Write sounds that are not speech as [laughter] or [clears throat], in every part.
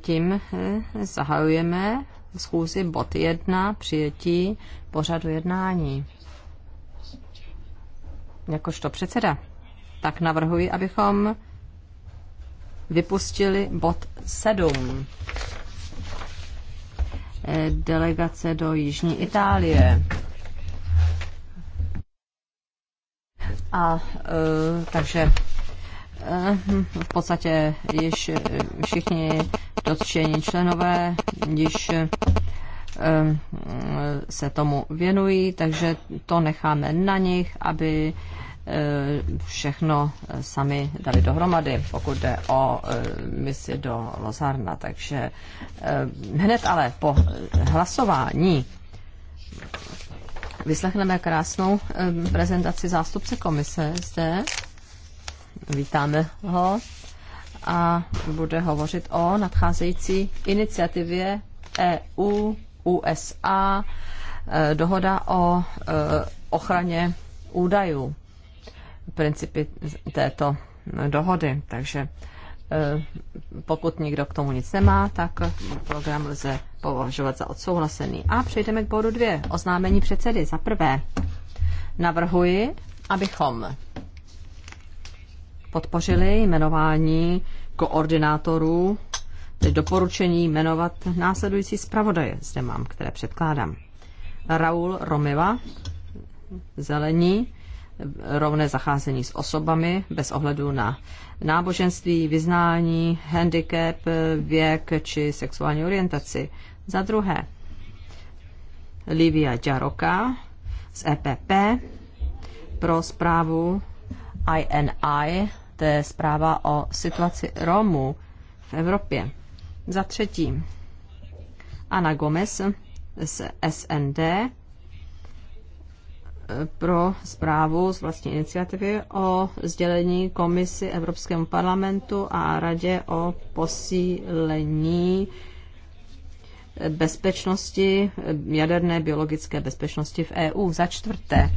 tím eh, zahajujeme schůzi bod 1 přijetí pořadu jednání. Jakožto předseda, tak navrhuji, abychom vypustili bod 7. Eh, delegace do Jižní Itálie. A e, takže Eh, v podstatě již všichni dotčení členové již eh, se tomu věnují, takže to necháme na nich, aby eh, všechno sami dali dohromady, pokud jde o misi do Lozarna. Takže hned ale po hlasování vyslechneme krásnou prezentaci zástupce komise zde vítáme ho a bude hovořit o nadcházející iniciativě EU-USA e, dohoda o e, ochraně údajů, principy této dohody. Takže e, pokud nikdo k tomu nic nemá, tak program lze považovat za odsouhlasený. A přejdeme k bodu dvě. Oznámení předsedy. Za prvé navrhuji, abychom podpořili jmenování koordinátorů, tedy doporučení jmenovat následující zpravodaje, zde mám, které předkládám. Raul Romiva, zelení, rovné zacházení s osobami bez ohledu na náboženství, vyznání, handicap, věk či sexuální orientaci. Za druhé, Livia Jaroka z EPP pro zprávu INI to je zpráva o situaci Romů v Evropě. Za třetí, Ana Gomez z SND eh, pro zprávu z vlastní iniciativy o sdělení komisi Evropskému parlamentu a radě o posílení eh, bezpečnosti, eh, jaderné biologické bezpečnosti v EU. Za čtvrté,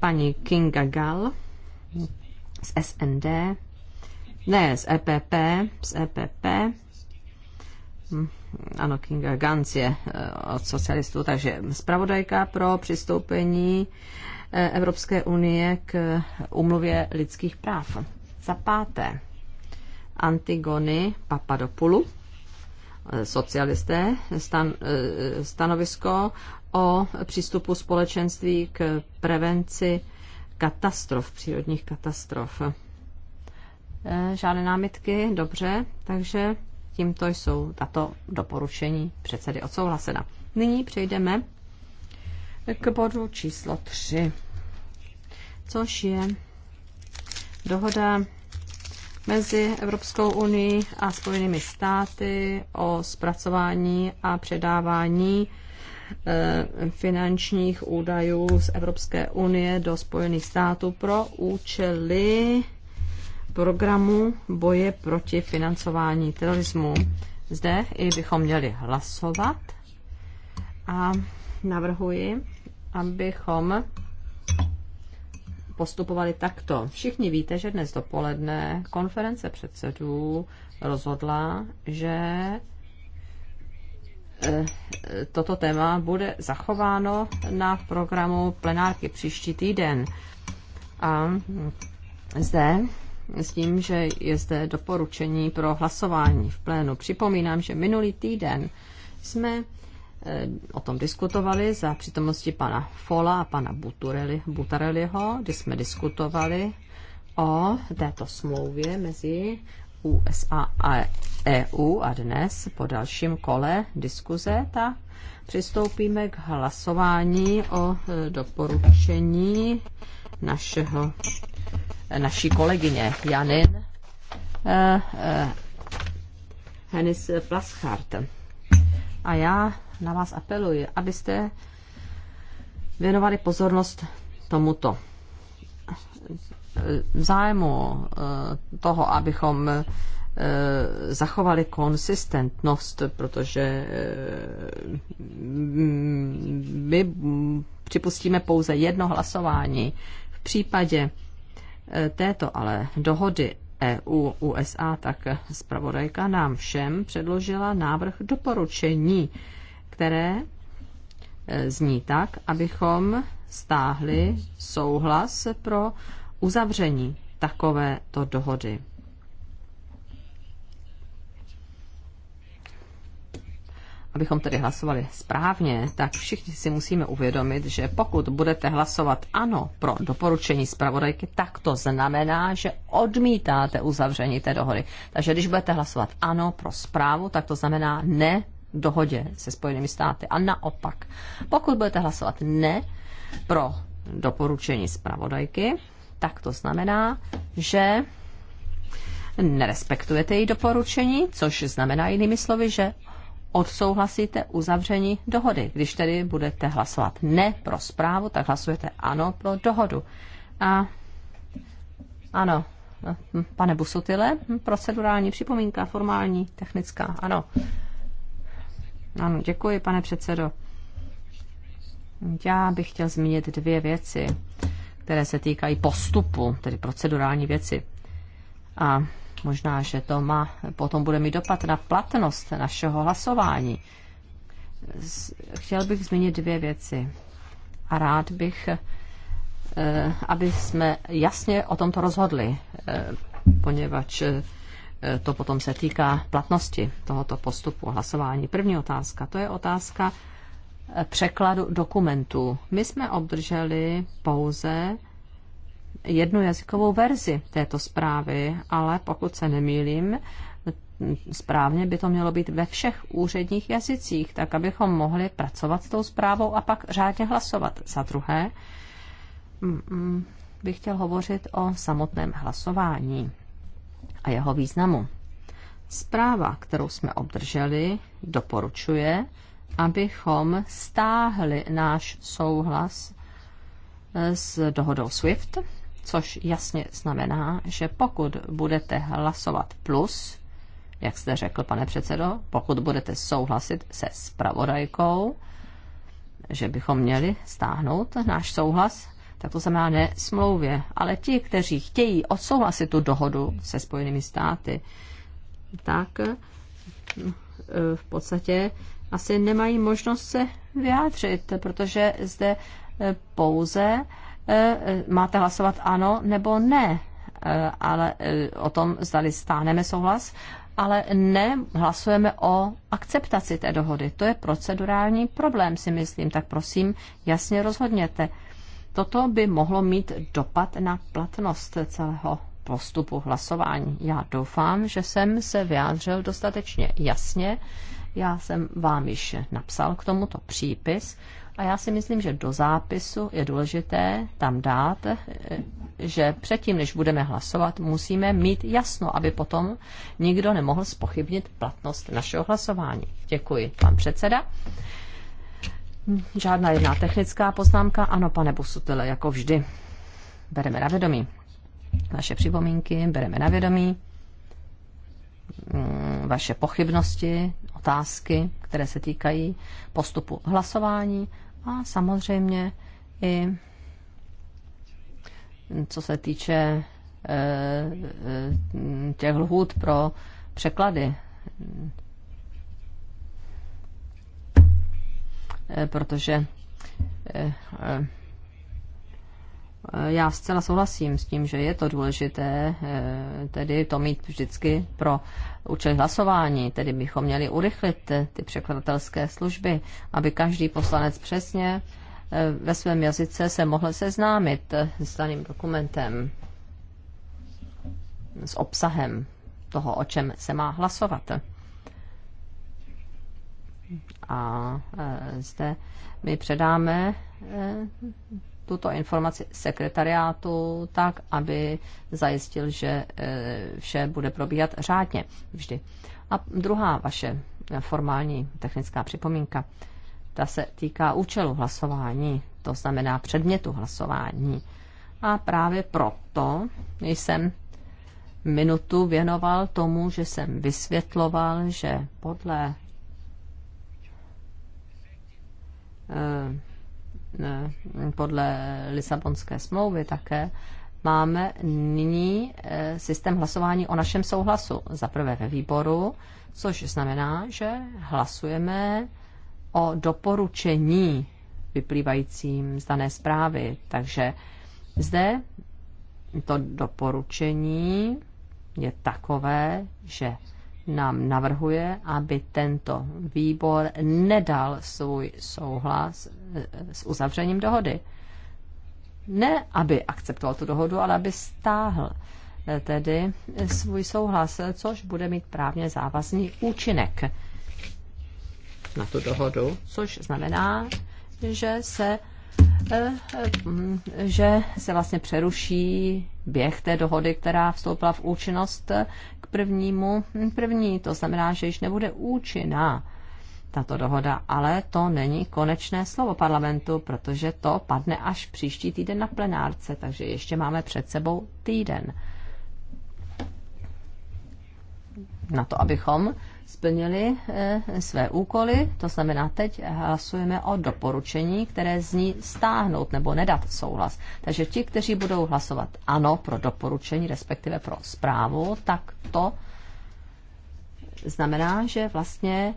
paní Kinga Gall z SND, ne, z EPP, z EPP, hm, ano, Kinga Gantz je eh, od socialistů, takže zpravodajka pro přistoupení eh, Evropské unie k umluvě lidských práv. Za páté, Antigony Papadopoulou, eh, socialisté, stan, stanovisko o přístupu společenství k prevenci katastrof, přírodních katastrof. E, žádné námitky, dobře, takže tímto jsou tato doporučení předsedy odsouhlasena. Nyní přejdeme k bodu číslo 3, což je dohoda mezi Evropskou unii a Spojenými státy o zpracování a předávání Eh, finančních údajů z Evropské unie do Spojených států pro účely programu boje proti financování terorismu. Zde i bychom měli hlasovat a navrhuji, abychom postupovali takto. Všichni víte, že dnes dopoledne konference předsedů rozhodla, že Eh, toto téma bude zachováno na programu plenárky příští týden. A zde s tím, že je zde doporučení pro hlasování v plénu. Připomínám, že minulý týden jsme eh, o tom diskutovali za přítomnosti pana Fola a pana Butureli, Butareliho, kdy jsme diskutovali o této smlouvě mezi USA a EU a dnes po dalším kole diskuze, tak přistoupíme k hlasování o e, doporučení našeho, e, naší kolegyně Janin e, Hennis Plaschart. A já na vás apeluji, abyste věnovali pozornost tomuto v zájmu eh, toho, abychom eh, zachovali konsistentnost, protože eh, my připustíme pouze jedno hlasování. V případě této ale dohody EU-USA, tak zpravodajka nám všem předložila návrh doporučení, které zní tak, abychom stáhli souhlas pro uzavření takovéto dohody. abychom tedy hlasovali správně, tak všichni si musíme uvědomit, že pokud budete hlasovat ano pro doporučení zpravodajky, tak to znamená, že odmítáte uzavření té dohody. Takže když budete hlasovat ano pro zprávu, tak to znamená ne dohodě se Spojenými státy. A naopak, pokud budete hlasovat ne pro doporučení zpravodajky, tak to znamená, že nerespektujete její doporučení, což znamená jinými slovy, že odsouhlasíte uzavření dohody. Když tedy budete hlasovat ne pro zprávu, tak hlasujete ano pro dohodu. A ano, pane Busutile, procedurální připomínka, formální, technická, ano. Ano, děkuji, pane předsedo. Já bych chtěl zmínit dvě věci které se týkají postupu, tedy procedurální věci. A možná, že to má, potom bude mít dopad na platnost našeho hlasování. Chtěl bych zmínit dvě věci a rád bych, eh, aby jsme jasně o tomto rozhodli, eh, poněvadž eh, to potom se týká platnosti tohoto postupu hlasování. První otázka, to je otázka překladu dokumentů. My jsme obdrželi pouze jednu jazykovou verzi této zprávy, ale pokud se nemýlím, správně by to mělo být ve všech úředních jazycích, tak abychom mohli pracovat s tou zprávou a pak řádně hlasovat. Za druhé mm, mm, bych chtěl hovořit o samotném hlasování a jeho významu. Zpráva, kterou jsme obdrželi, doporučuje abychom stáhli náš souhlas eh, s dohodou SWIFT, což jasně znamená, že pokud budete hlasovat plus, jak jste řekl, pane předsedo, pokud budete souhlasit se spravodajkou, že bychom měli stáhnout náš souhlas, tak to znamená ne smlouvě, ale ti, kteří chtějí odsouhlasit tu dohodu se Spojenými státy, tak eh, v podstatě asi nemají možnost se vyjádřit, protože zde e, pouze e, e, máte hlasovat ano nebo ne, ale o tom zdali stáneme souhlas, ale ne hlasujeme o akceptaci té dohody. To je procedurální problém, si myslím, tak prosím, jasně rozhodněte. Toto by mohlo mít dopad na platnost celého postupu hlasování. Já doufám, že jsem se vyjádřil dostatečně jasně já jsem vám již napsal k tomuto přípis a já si myslím, že do zápisu je důležité tam dát, eh, že předtím, než budeme hlasovat, musíme mít jasno, aby potom nikdo nemohl spochybnit platnost našeho hlasování. Děkuji, pan předseda. Žádná jedná technická poznámka. Ano, pane Busutele, jako vždy. Bereme na vědomí. Vaše připomínky bereme na vědomí. Mm, vaše pochybnosti otázky, které se týkají postupu hlasování a samozřejmě i mm, co se týče e, e, těch lhůt pro překlady. E, protože Eh, já zcela souhlasím s tím, že je to důležité, eh, tedy to mít vždycky pro účely hlasování, tedy bychom měli urychlit eh, ty překladatelské služby, aby každý poslanec přesně ve svém jazyce se mohl seznámit s daným dokumentem, s obsahem toho, o čem se má hlasovat. A zde my předáme tuto informaci sekretariátu tak, aby zajistil, že e, vše bude probíhat řádně vždy. A druhá vaše formální technická připomínka, ta se týká účelu hlasování, to znamená předmětu hlasování. A právě proto jsem minutu věnoval tomu, že jsem vysvětloval, že podle e, podle Lisabonské smlouvy také máme nyní eh, systém hlasování o našem souhlasu. Za prvé ve výboru, což znamená, že hlasujeme o doporučení vyplývajícím z dané zprávy. Takže zde to doporučení je takové, že nám navrhuje, aby tento výbor nedal svůj souhlas eh, s uzavřením dohody. Ne, aby akceptoval tu dohodu, ale aby stáhl eh, tedy eh, svůj souhlas, což bude mít právně závazný účinek na tu dohodu, což znamená, že se Eh, že se vlastně přeruší běh té dohody, která vstoupila v účinnost k prvnímu hm, první. To znamená, že již nebude účinná tato dohoda, ale to není konečné slovo parlamentu, protože to padne až příští týden na plenárce, takže ještě máme před sebou týden na to, abychom splnili eh, své úkoly, to znamená, teď hlasujeme o doporučení, které zní stáhnout nebo nedat souhlas. Takže ti, kteří budou hlasovat ano pro doporučení, respektive pro zprávu, tak to znamená, že vlastně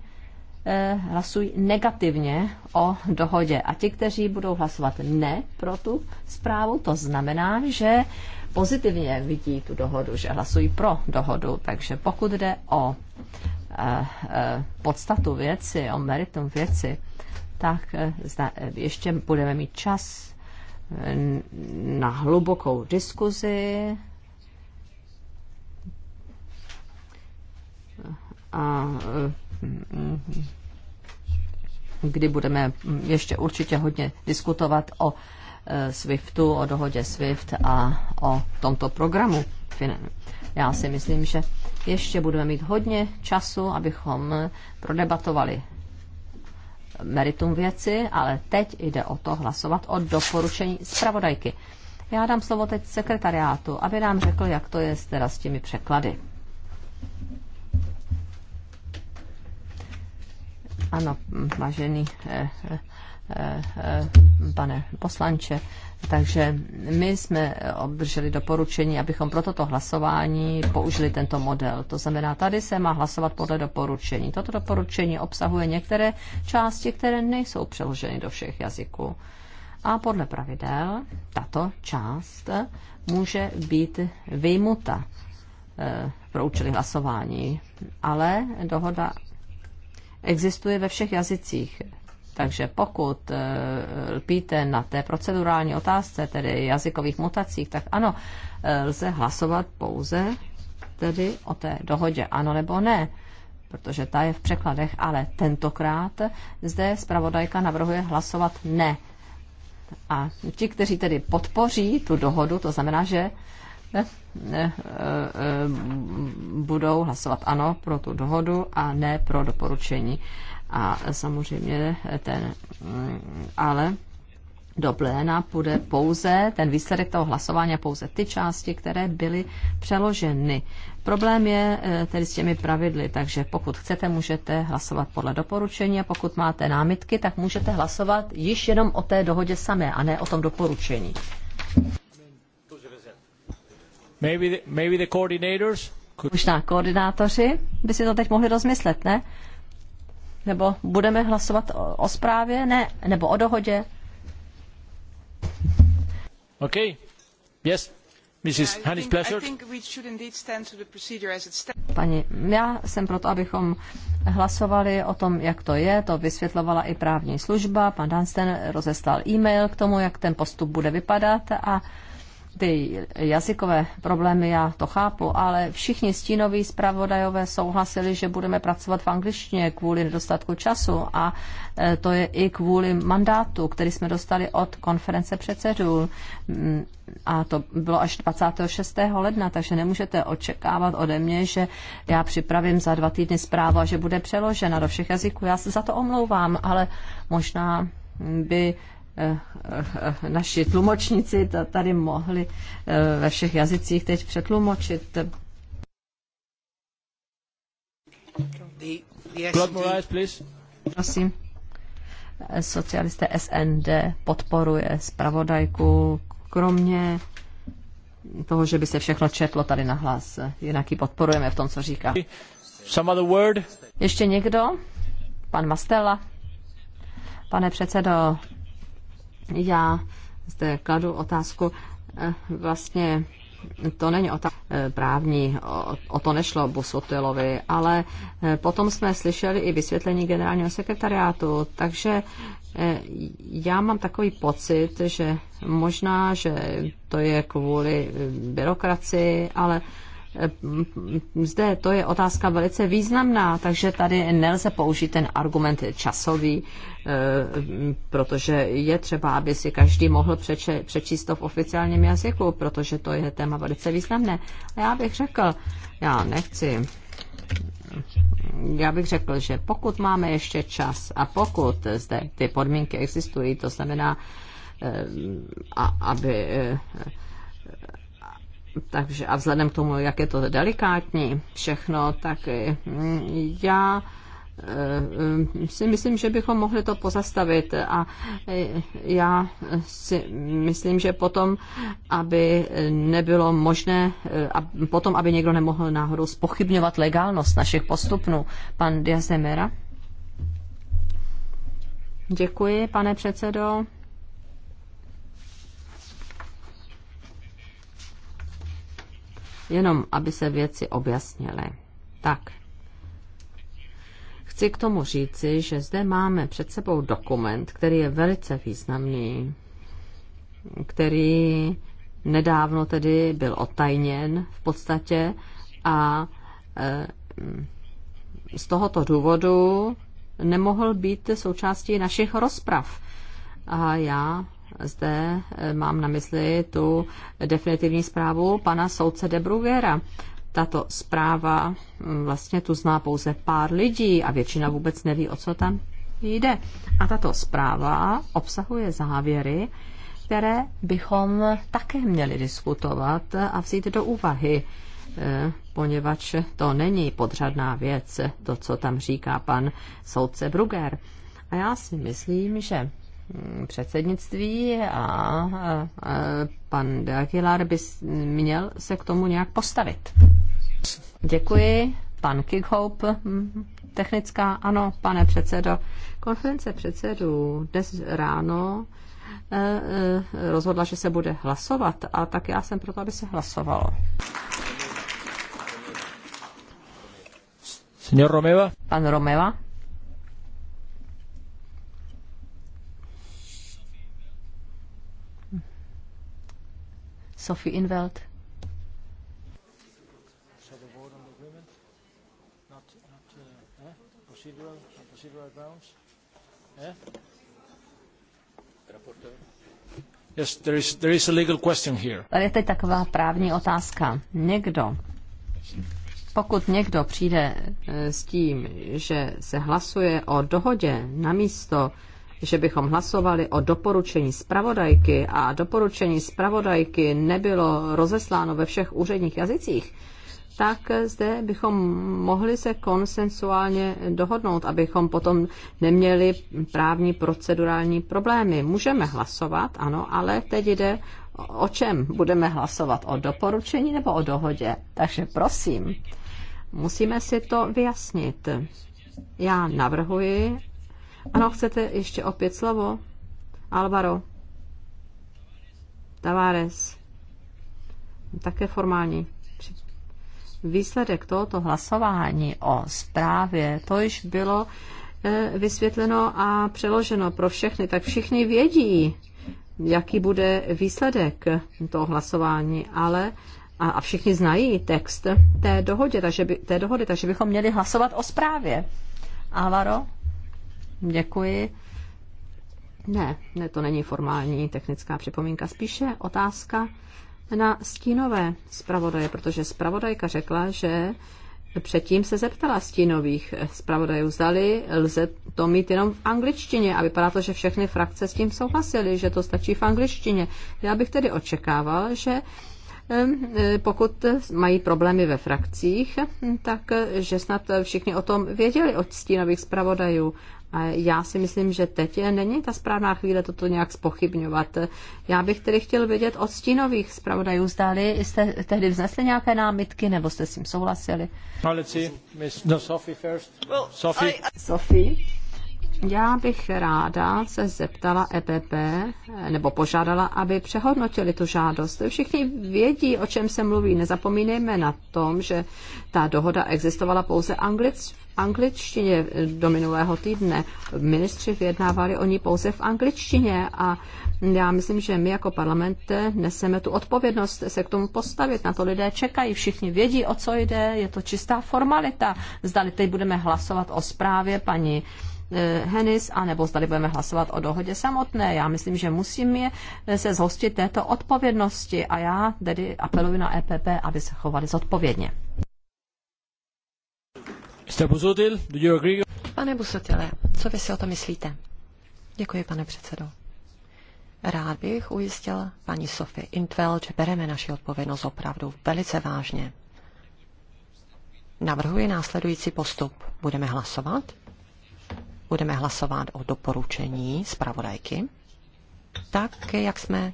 eh, hlasují negativně o dohodě. A ti, kteří budou hlasovat ne pro tu zprávu, to znamená, že pozitivně vidí tu dohodu, že hlasují pro dohodu. Takže pokud jde o Eh, eh, podstatu věci, o meritum věci, tak eh, ještě budeme mít čas na hlubokou diskuzi a kdy budeme ještě určitě hodně diskutovat o SWIFTu, o dohodě SWIFT a o tomto programu já si myslím, že ještě budeme mít hodně času, abychom prodebatovali meritum věci, ale teď jde o to hlasovat o doporučení zpravodajky. Já dám slovo teď sekretariátu, aby nám řekl, jak to je teda s těmi překlady. Ano, vážený eh, eh, eh, pane poslanče, takže my jsme obdrželi doporučení, abychom pro toto hlasování použili tento model. To znamená, tady se má hlasovat podle doporučení. Toto doporučení obsahuje některé části, které nejsou přeloženy do všech jazyků. A podle pravidel tato část může být vyjmuta eh, pro účely hlasování. Ale dohoda existuje ve všech jazycích takže pokud eh, lpíte na té procedurální otázce, tedy jazykových mutacích, tak ano, eh, lze hlasovat pouze tedy o té dohodě, ano nebo ne protože ta je v překladech, ale tentokrát zde zpravodajka navrhuje hlasovat ne. A ti, kteří tedy podpoří tu dohodu, to znamená, že ne, eh, ne, budou hlasovat ano pro tu dohodu a ne pro doporučení a samozřejmě ten, ale do pléna půjde pouze ten výsledek toho hlasování a pouze ty části, které byly přeloženy. Problém je eh, tedy s těmi pravidly, takže pokud chcete, můžete hlasovat podle doporučení a pokud máte námitky, tak můžete hlasovat již jenom o té dohodě samé a ne o tom doporučení. Maybe the, maybe the coordinators could... Možná koordinátoři by si to teď mohli rozmyslet, ne? Nebo budeme hlasovat o, o zprávě? Ne. Nebo o dohodě? OK. Yes. Mrs. Hannes Pleasure. Pani, já jsem proto, abychom hlasovali o tom, jak to je. To vysvětlovala i právní služba. Pan Dunstan rozeslal e-mail k tomu, jak ten postup bude vypadat a uh, ty jazykové problémy, já to chápu, ale všichni stínoví zpravodajové souhlasili, že budeme pracovat v angličtině kvůli nedostatku času a e, to je i kvůli mandátu, který jsme dostali od konference předsedů mm, a to bylo až 26. ledna, takže nemůžete očekávat ode mě, že já připravím za dva týdny zprávu a že bude přeložena do všech jazyků. Já se za to omlouvám, ale možná by Eh, eh, naši tlumočníci tady mohli eh, ve všech jazycích teď přetlumočit. Prosím. Socialisté SND podporuje zpravodajku, kromě toho, že by se všechno četlo tady na hlas. Jinak ji podporujeme v tom, co říká. Some other word? Ještě někdo? Pan Mastella? Pane předsedo, já zde kladu otázku, eh, vlastně to není otázka eh, právní, o, o to nešlo Busotilovi, ale eh, potom jsme slyšeli i vysvětlení generálního sekretariátu, takže já mám takový pocit, že možná, že to je kvůli byrokracii, ale Eh, zde to je otázka velice významná, takže tady nelze použít ten argument časový, eh, protože je třeba, aby si každý mohl přeče, přečíst to v oficiálním jazyku, protože to je téma velice významné. A já bych řekl, já nechci já bych řekl, že pokud máme ještě čas a pokud zde ty podmínky existují, to znamená, eh, aby takže a vzhledem k tomu, jak je to delikátní všechno, tak eh, já eh, si myslím, že bychom mohli to pozastavit a eh, já si myslím, že potom, aby nebylo možné, a potom, aby někdo nemohl náhodou spochybňovat legálnost našich postupů. Pan Diaz Demera. Děkuji, pane předsedo. jenom aby se věci objasnily. Tak. Chci k tomu říci, že zde máme před sebou dokument, který je velice významný, který nedávno tedy byl otajněn v podstatě a e, z tohoto důvodu nemohl být součástí našich rozprav. A já zde eh, mám na mysli tu definitivní zprávu pana soudce de Bruguera. Tato zpráva hm, vlastně tu zná pouze pár lidí a většina vůbec neví, o co tam jde. A tato zpráva obsahuje závěry, které bychom také měli diskutovat a vzít do úvahy, eh, poněvadž to není podřadná věc, to, co tam říká pan soudce Bruger. A já si myslím, že předsednictví a pan de Aguilar by měl se k tomu nějak postavit. Děkuji. Pan Kickhope, hm, technická, ano, pane předsedo. Konference předsedů dnes ráno eh, eh, rozhodla, že se bude hlasovat a tak já jsem proto, aby se hlasovalo. Senor Romeva? Pan Romeva? Sophie Inveld. Yes, there is, there is a legal question here. Tady je teď taková právní otázka. Někdo, pokud někdo přijde eh, s tím, že se hlasuje o dohodě na místo že bychom hlasovali o doporučení zpravodajky a doporučení zpravodajky nebylo rozesláno ve všech úředních jazycích, tak zde bychom mohli se konsensuálně dohodnout, abychom potom neměli právní procedurální problémy. Můžeme hlasovat, ano, ale teď jde o čem budeme hlasovat? O doporučení nebo o dohodě? Takže prosím, musíme si to vyjasnit. Já navrhuji, ano, chcete ještě opět slovo? Alvaro. Tavares. Také formální. Výsledek tohoto hlasování o zprávě, to již bylo eh, vysvětleno a přeloženo pro všechny, tak všichni vědí, jaký bude výsledek toho hlasování, ale a, a všichni znají text té, dohodě, takže by, té dohody, takže bychom měli hlasovat o zprávě. Alvaro? Děkuji. Ne, ne, to není formální technická připomínka, spíše otázka na stínové zpravodaje, protože zpravodajka řekla, že předtím se zeptala stínových zpravodajů, zdali lze to mít jenom v angličtině a vypadá to, že všechny frakce s tím souhlasily, že to stačí v angličtině. Já bych tedy očekával, že e, pokud mají problémy ve frakcích, tak e, že snad všichni o tom věděli od stínových zpravodajů já si myslím, že teď není ta správná chvíle toto nějak spochybňovat. Já bych tedy chtěl vědět od stínových zpravodajů, zdali jste tehdy vznesli nějaké námitky, nebo jste s tím souhlasili. Miss, no, Sophie first. Sophie. Sophie. Já bych ráda se zeptala EPP, nebo požádala, aby přehodnotili tu žádost. Všichni vědí, o čem se mluví. Nezapomínejme na tom, že ta dohoda existovala pouze anglicky angličtině do minulého týdne. Ministři vyjednávali oni pouze v angličtině a já myslím, že my jako parlament neseme tu odpovědnost se k tomu postavit. Na to lidé čekají, všichni vědí, o co jde, je to čistá formalita. Zdali teď budeme hlasovat o zprávě paní eh, Henis, anebo zdali budeme hlasovat o dohodě samotné. Já myslím, že musíme eh, se zhostit této odpovědnosti a já tedy apeluji na EPP, aby se chovali zodpovědně. Mr. Busutil, do you agree? Pane Busutile, co vy si o to myslíte? Děkuji, pane předsedo. Rád bych ujistil paní Sofie Intvel, že bereme naši odpovědnost opravdu velice vážně. Navrhuji následující postup. Budeme hlasovat. Budeme hlasovat o doporučení zpravodajky, tak, jak jsme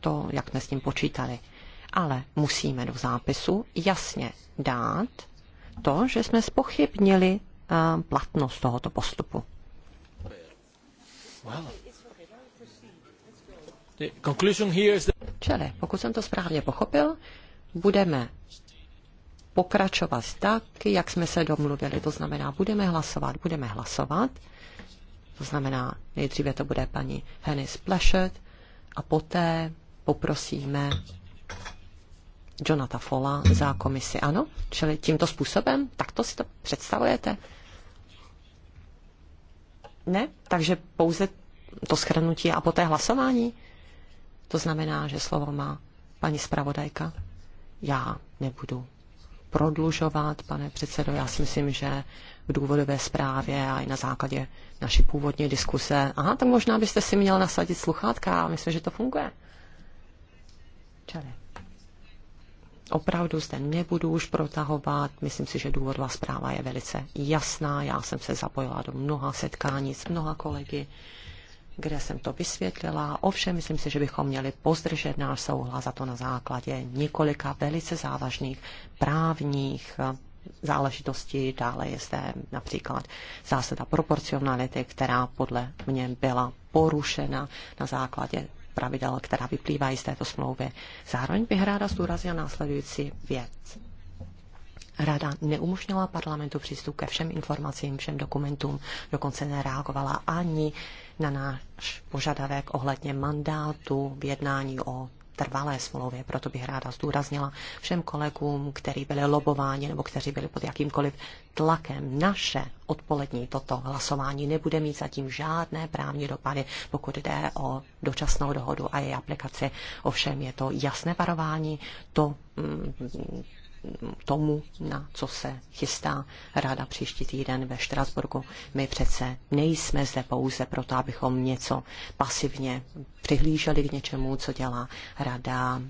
to, jak jsme s tím počítali. Ale musíme do zápisu jasně dát to, že jsme spochybnili eh, platnost tohoto postupu. Well. Čili, pokud jsem to správně pochopil, budeme pokračovat tak, jak jsme se domluvili. To znamená, budeme hlasovat, budeme hlasovat. To znamená, nejdříve to bude paní Hennis Plešet a poté poprosíme Jonata Fola za komisi. Ano, čili tímto způsobem? Takto si to představujete? Ne? Takže pouze to schrnutí a poté hlasování? To znamená, že slovo má paní zpravodajka. Já nebudu prodlužovat, pane předsedo. Já si myslím, že v důvodové zprávě a i na základě naší původní diskuse, aha, tak možná byste si měl nasadit sluchátka. Myslím, že to funguje. Čili opravdu zde nebudu už protahovat. Myslím si, že důvodová zpráva je velice jasná. Já jsem se zapojila do mnoha setkání s mnoha kolegy, kde jsem to vysvětlila. Ovšem, myslím si, že bychom měli pozdržet náš souhlas a to na základě několika velice závažných právních eh, záležitostí. Dále je zde například zásada proporcionality, která podle mě byla porušena na základě pravidel, která vyplývají z této smlouvy. Zároveň bych ráda zdůraznila následující věc. Rada neumožnila parlamentu přístup ke všem informacím, všem dokumentům, dokonce nereagovala ani na náš požadavek ohledně mandátu v jednání o trvalé smlouvě. Proto bych ráda zdůraznila všem kolegům, kteří byli lobováni nebo kteří byli pod jakýmkoliv tlakem. Naše odpolední toto hlasování nebude mít zatím žádné právní dopady, pokud jde o dočasnou dohodu a její aplikaci. Ovšem je to jasné varování, to mm, tomu, na co se chystá ráda příští týden ve Štrasburgu. My přece nejsme zde pouze proto, abychom něco pasivně přihlíželi k něčemu, co dělá rada.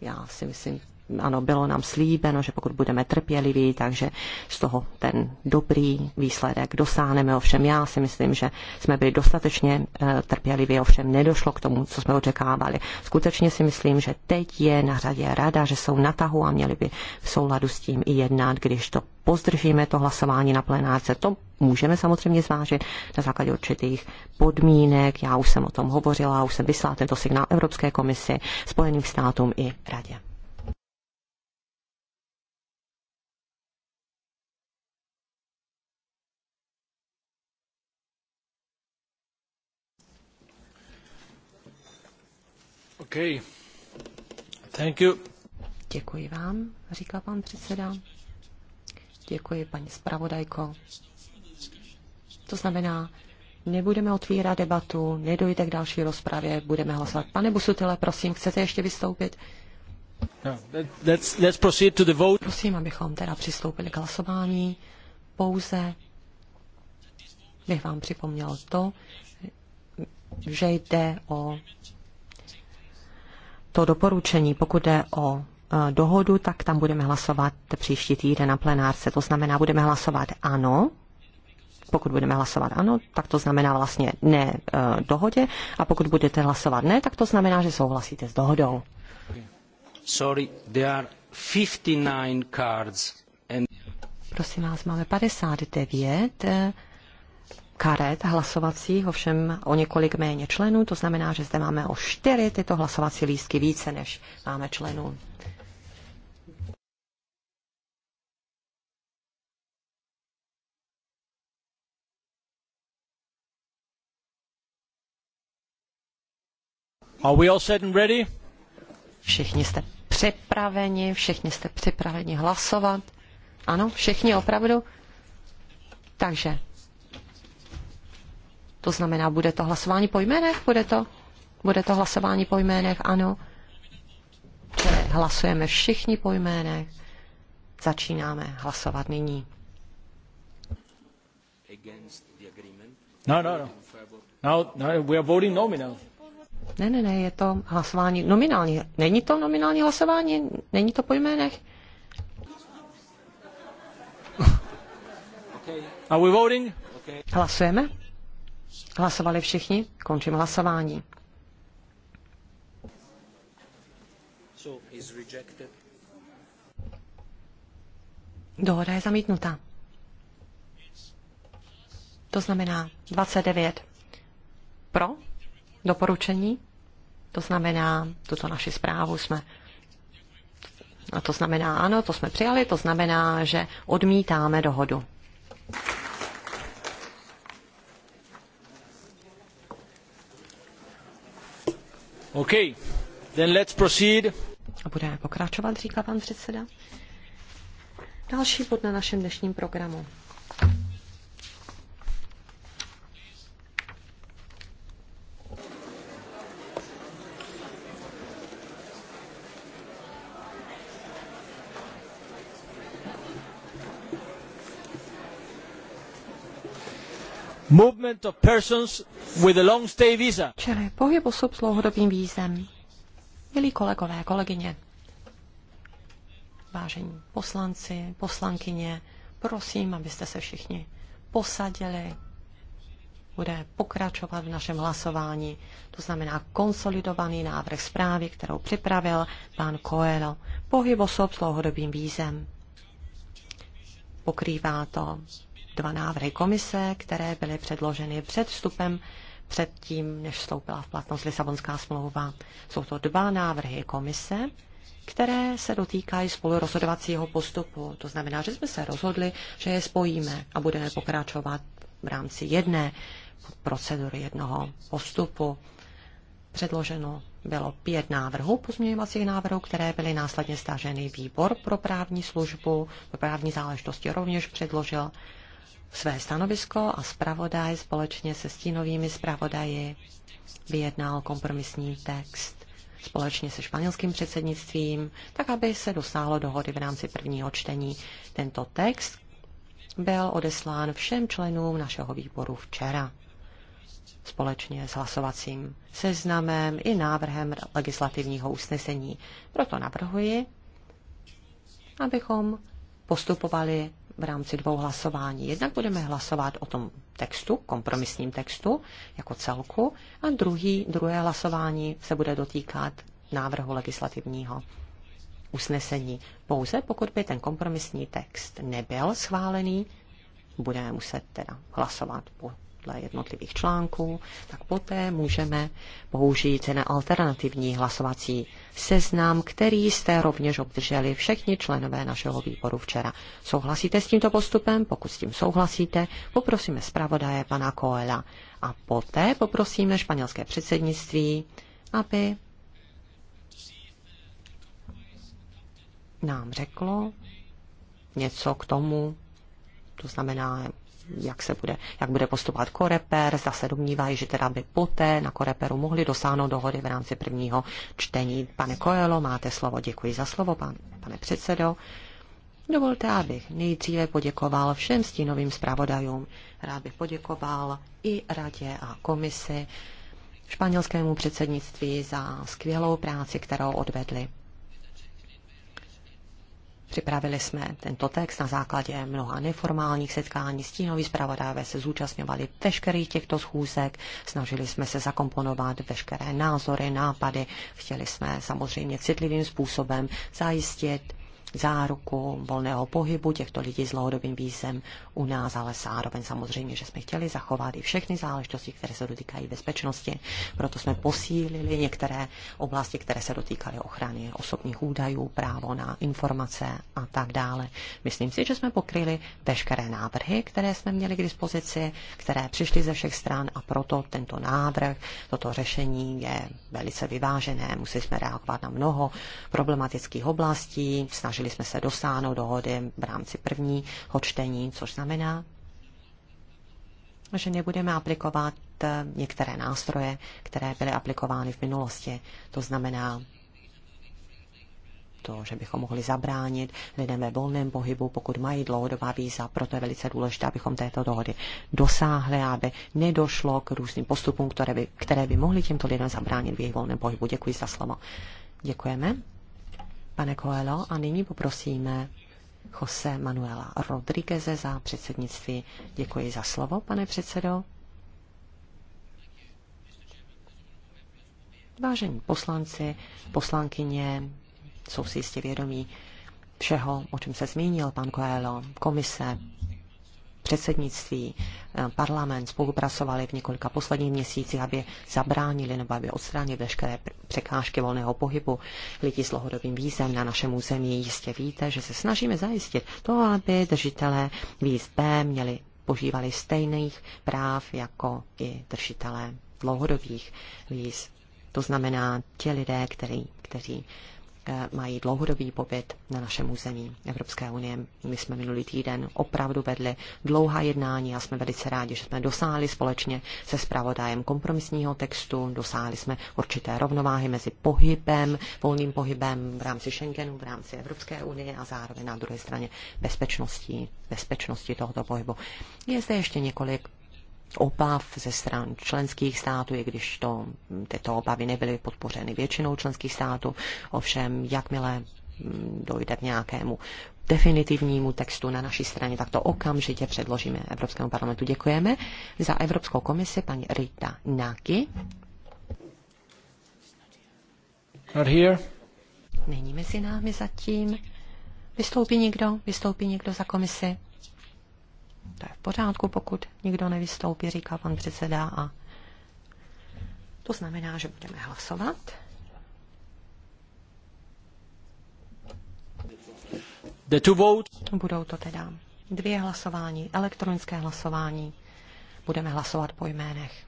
Já si myslím, ano, bylo nám slíbeno, že pokud budeme trpěliví, takže z toho ten dobrý výsledek dosáhneme. Ovšem já si myslím, že jsme byli dostatečně eh, trpěliví, ovšem nedošlo k tomu, co jsme očekávali. Skutečně si myslím, že teď je na řadě rada, že jsou na tahu a měli by v souladu s tím i jednat, když to pozdržíme to hlasování na plenárce. To můžeme samozřejmě zvážit na základě určitých podmínek. Já už jsem o tom hovořila, už jsem vyslala tento signál Evropské komisi, Spojeným státům i Radě. Okay. Thank you. Děkuji vám, říká pan předseda. Děkuji, paní zpravodajko. To znamená, nebudeme otvírat debatu, nedojde k další rozpravě, budeme hlasovat. Pane Busutile, prosím, chcete ještě vystoupit? No, let's, let's proceed to the vote. Prosím, abychom teda přistoupili k hlasování. Pouze bych vám připomněl to, že jde o to doporučení, pokud jde o e, dohodu, tak tam budeme hlasovat příští týden na plenárce. To znamená, budeme hlasovat ano. Pokud budeme hlasovat ano, tak to znamená vlastně ne e, dohodě. A pokud budete hlasovat ne, tak to znamená, že souhlasíte s dohodou. Sorry, there are 59 cards and... Prosím vás, máme 59 karet hlasovacích, ovšem o několik méně členů, to znamená, že zde máme o čtyři tyto hlasovací lístky více, než máme členů. Are we all set and ready? Všichni jste připraveni, všichni jste připraveni hlasovat. Ano, všichni opravdu. Takže to znamená, bude to hlasování po jménech? Bude to, bude to hlasování po jménech? Ano. Čili hlasujeme všichni po jménech. Začínáme hlasovat nyní. No no, no, no, no. we are voting nominal. Ne, ne, ne, je to hlasování nominální. Není to nominální hlasování? Není to po jménech? Are we voting? Hlasujeme? Hlasovali všichni? Končím hlasování. Dohoda je zamítnuta. To znamená 29 pro doporučení. To znamená, tuto naši zprávu jsme a to znamená, ano, to jsme přijali, to znamená, že odmítáme dohodu. Okay, then let's proceed. A budeme pokračovat, říká pan předseda. Další bod na našem dnešním programu. movement of persons with a long stay visa. Čili pohyb osob s dlouhodobým vízem. Milí kolegové, kolegyně, vážení poslanci, poslankyně, prosím, abyste se všichni posadili. Bude pokračovat v našem hlasování. To znamená konsolidovaný návrh zprávy, kterou připravil pan Coelho. Pohyb osob s dlouhodobým vízem. Pokrývá to dva návrhy komise, které byly předloženy před vstupem, předtím, než vstoupila v platnost Lisabonská smlouva. Jsou to dva návrhy komise, které se dotýkají spolurozhodovacího postupu. To znamená, že jsme se rozhodli, že je spojíme a budeme pokračovat v rámci jedné procedury, jednoho postupu. Předloženo bylo pět návrhů, pozměňovacích návrhů, které byly následně staženy. Výbor pro právní službu, pro právní záležitosti rovněž předložil své stanovisko a zpravodaj společně se stínovými zpravodaji vyjednal kompromisní text společně se španělským předsednictvím, tak aby se dosáhlo dohody v rámci prvního čtení. Tento text byl odeslán všem členům našeho výboru včera společně s hlasovacím seznamem i návrhem legislativního usnesení. Proto navrhuji, abychom postupovali v rámci dvou hlasování. Jednak budeme hlasovat o tom textu, kompromisním textu jako celku a druhý, druhé hlasování se bude dotýkat návrhu legislativního usnesení. Pouze pokud by ten kompromisní text nebyl schválený, budeme muset teda hlasovat po dle jednotlivých článků, tak poté můžeme použít ten alternativní hlasovací seznam, který jste rovněž obdrželi všichni členové našeho výboru včera. Souhlasíte s tímto postupem? Pokud s tím souhlasíte, poprosíme zpravodaje pana Koela a poté poprosíme španělské předsednictví, aby nám řeklo něco k tomu, to znamená jak, se bude, jak bude postupovat Koreper, zda se domnívají, že teda by poté na Koreperu mohli dosáhnout dohody v rámci prvního čtení. Pane Koelo, máte slovo, děkuji za slovo, pan, pane předsedo. Dovolte, abych nejdříve poděkoval všem stínovým zpravodajům. Rád bych poděkoval i radě a komisi, španělskému předsednictví za skvělou práci, kterou odvedli. Připravili jsme tento text na základě mnoha neformálních setkání. Stínoví zpravodajové se zúčastňovali veškerých těchto schůzek, snažili jsme se zakomponovat veškeré názory, nápady, chtěli jsme samozřejmě citlivým způsobem zajistit záruku volného pohybu těchto lidí s dlouhodobým vízem u nás, ale zároveň samozřejmě, že jsme chtěli zachovat i všechny záležitosti, které se dotýkají bezpečnosti. Proto jsme posílili některé oblasti, které se dotýkaly ochrany osobních údajů, právo na informace a tak dále. Myslím si, že jsme pokryli veškeré návrhy, které jsme měli k dispozici, které přišly ze všech stran a proto tento návrh, toto řešení je velice vyvážené. Museli jsme reagovat na mnoho problematických oblastí, snažili snažili jsme se dosáhnout dohody v rámci prvního čtení, což znamená, že nebudeme aplikovat eh, některé nástroje, které byly aplikovány v minulosti. To znamená to, že bychom mohli zabránit lidem ve volném pohybu, pokud mají dlouhodobá víza. Proto je velice důležité, abychom této dohody dosáhli, aby nedošlo k různým postupům, které by, které by mohly těmto lidem zabránit v jejich volném pohybu. Děkuji za slovo. Děkujeme pane Coelho, a nyní poprosíme Jose Manuela Rodrígueze za předsednictví. Děkuji za slovo, pane předsedo. Vážení poslanci, poslankyně, jsou si jistě vědomí všeho, o čem se zmínil pan Coelho, komise, předsednictví, eh, parlament spolupracovali v několika posledních měsících, aby zabránili nebo aby odstranili veškeré překážky volného pohybu lidí s dlouhodobým vízem na našem území. Jistě víte, že se snažíme zajistit to, aby držitelé víz B měli požívali stejných práv jako i držitelé dlouhodobých víz. To znamená ti lidé, který, kteří Eh, mají dlouhodobý pobyt na našem území Evropské unie. My jsme minulý týden opravdu vedli dlouhá jednání a jsme velice rádi, že jsme dosáhli společně se zpravodajem kompromisního textu, dosáhli jsme určité rovnováhy mezi pohybem, volným pohybem v rámci Schengenu, v rámci Evropské unie a zároveň na druhé straně bezpečností, bezpečnosti tohoto pohybu. Je zde ještě několik obav ze stran členských států, i když to, tyto obavy nebyly podpořeny většinou členských států. Ovšem, jakmile mm, dojde k nějakému definitivnímu textu na naší straně, tak to okamžitě předložíme Evropskému parlamentu. Děkujeme za Evropskou komisi paní Rita Naki. Not here. Není mezi námi zatím. Vystoupí někdo? Vystoupí někdo za komisi? To je v pořádku, pokud nikdo nevystoupí, říká pan předseda. A to znamená, že budeme hlasovat. The two vote. Budou to teda dvě hlasování, elektronické hlasování. Budeme hlasovat po jménech.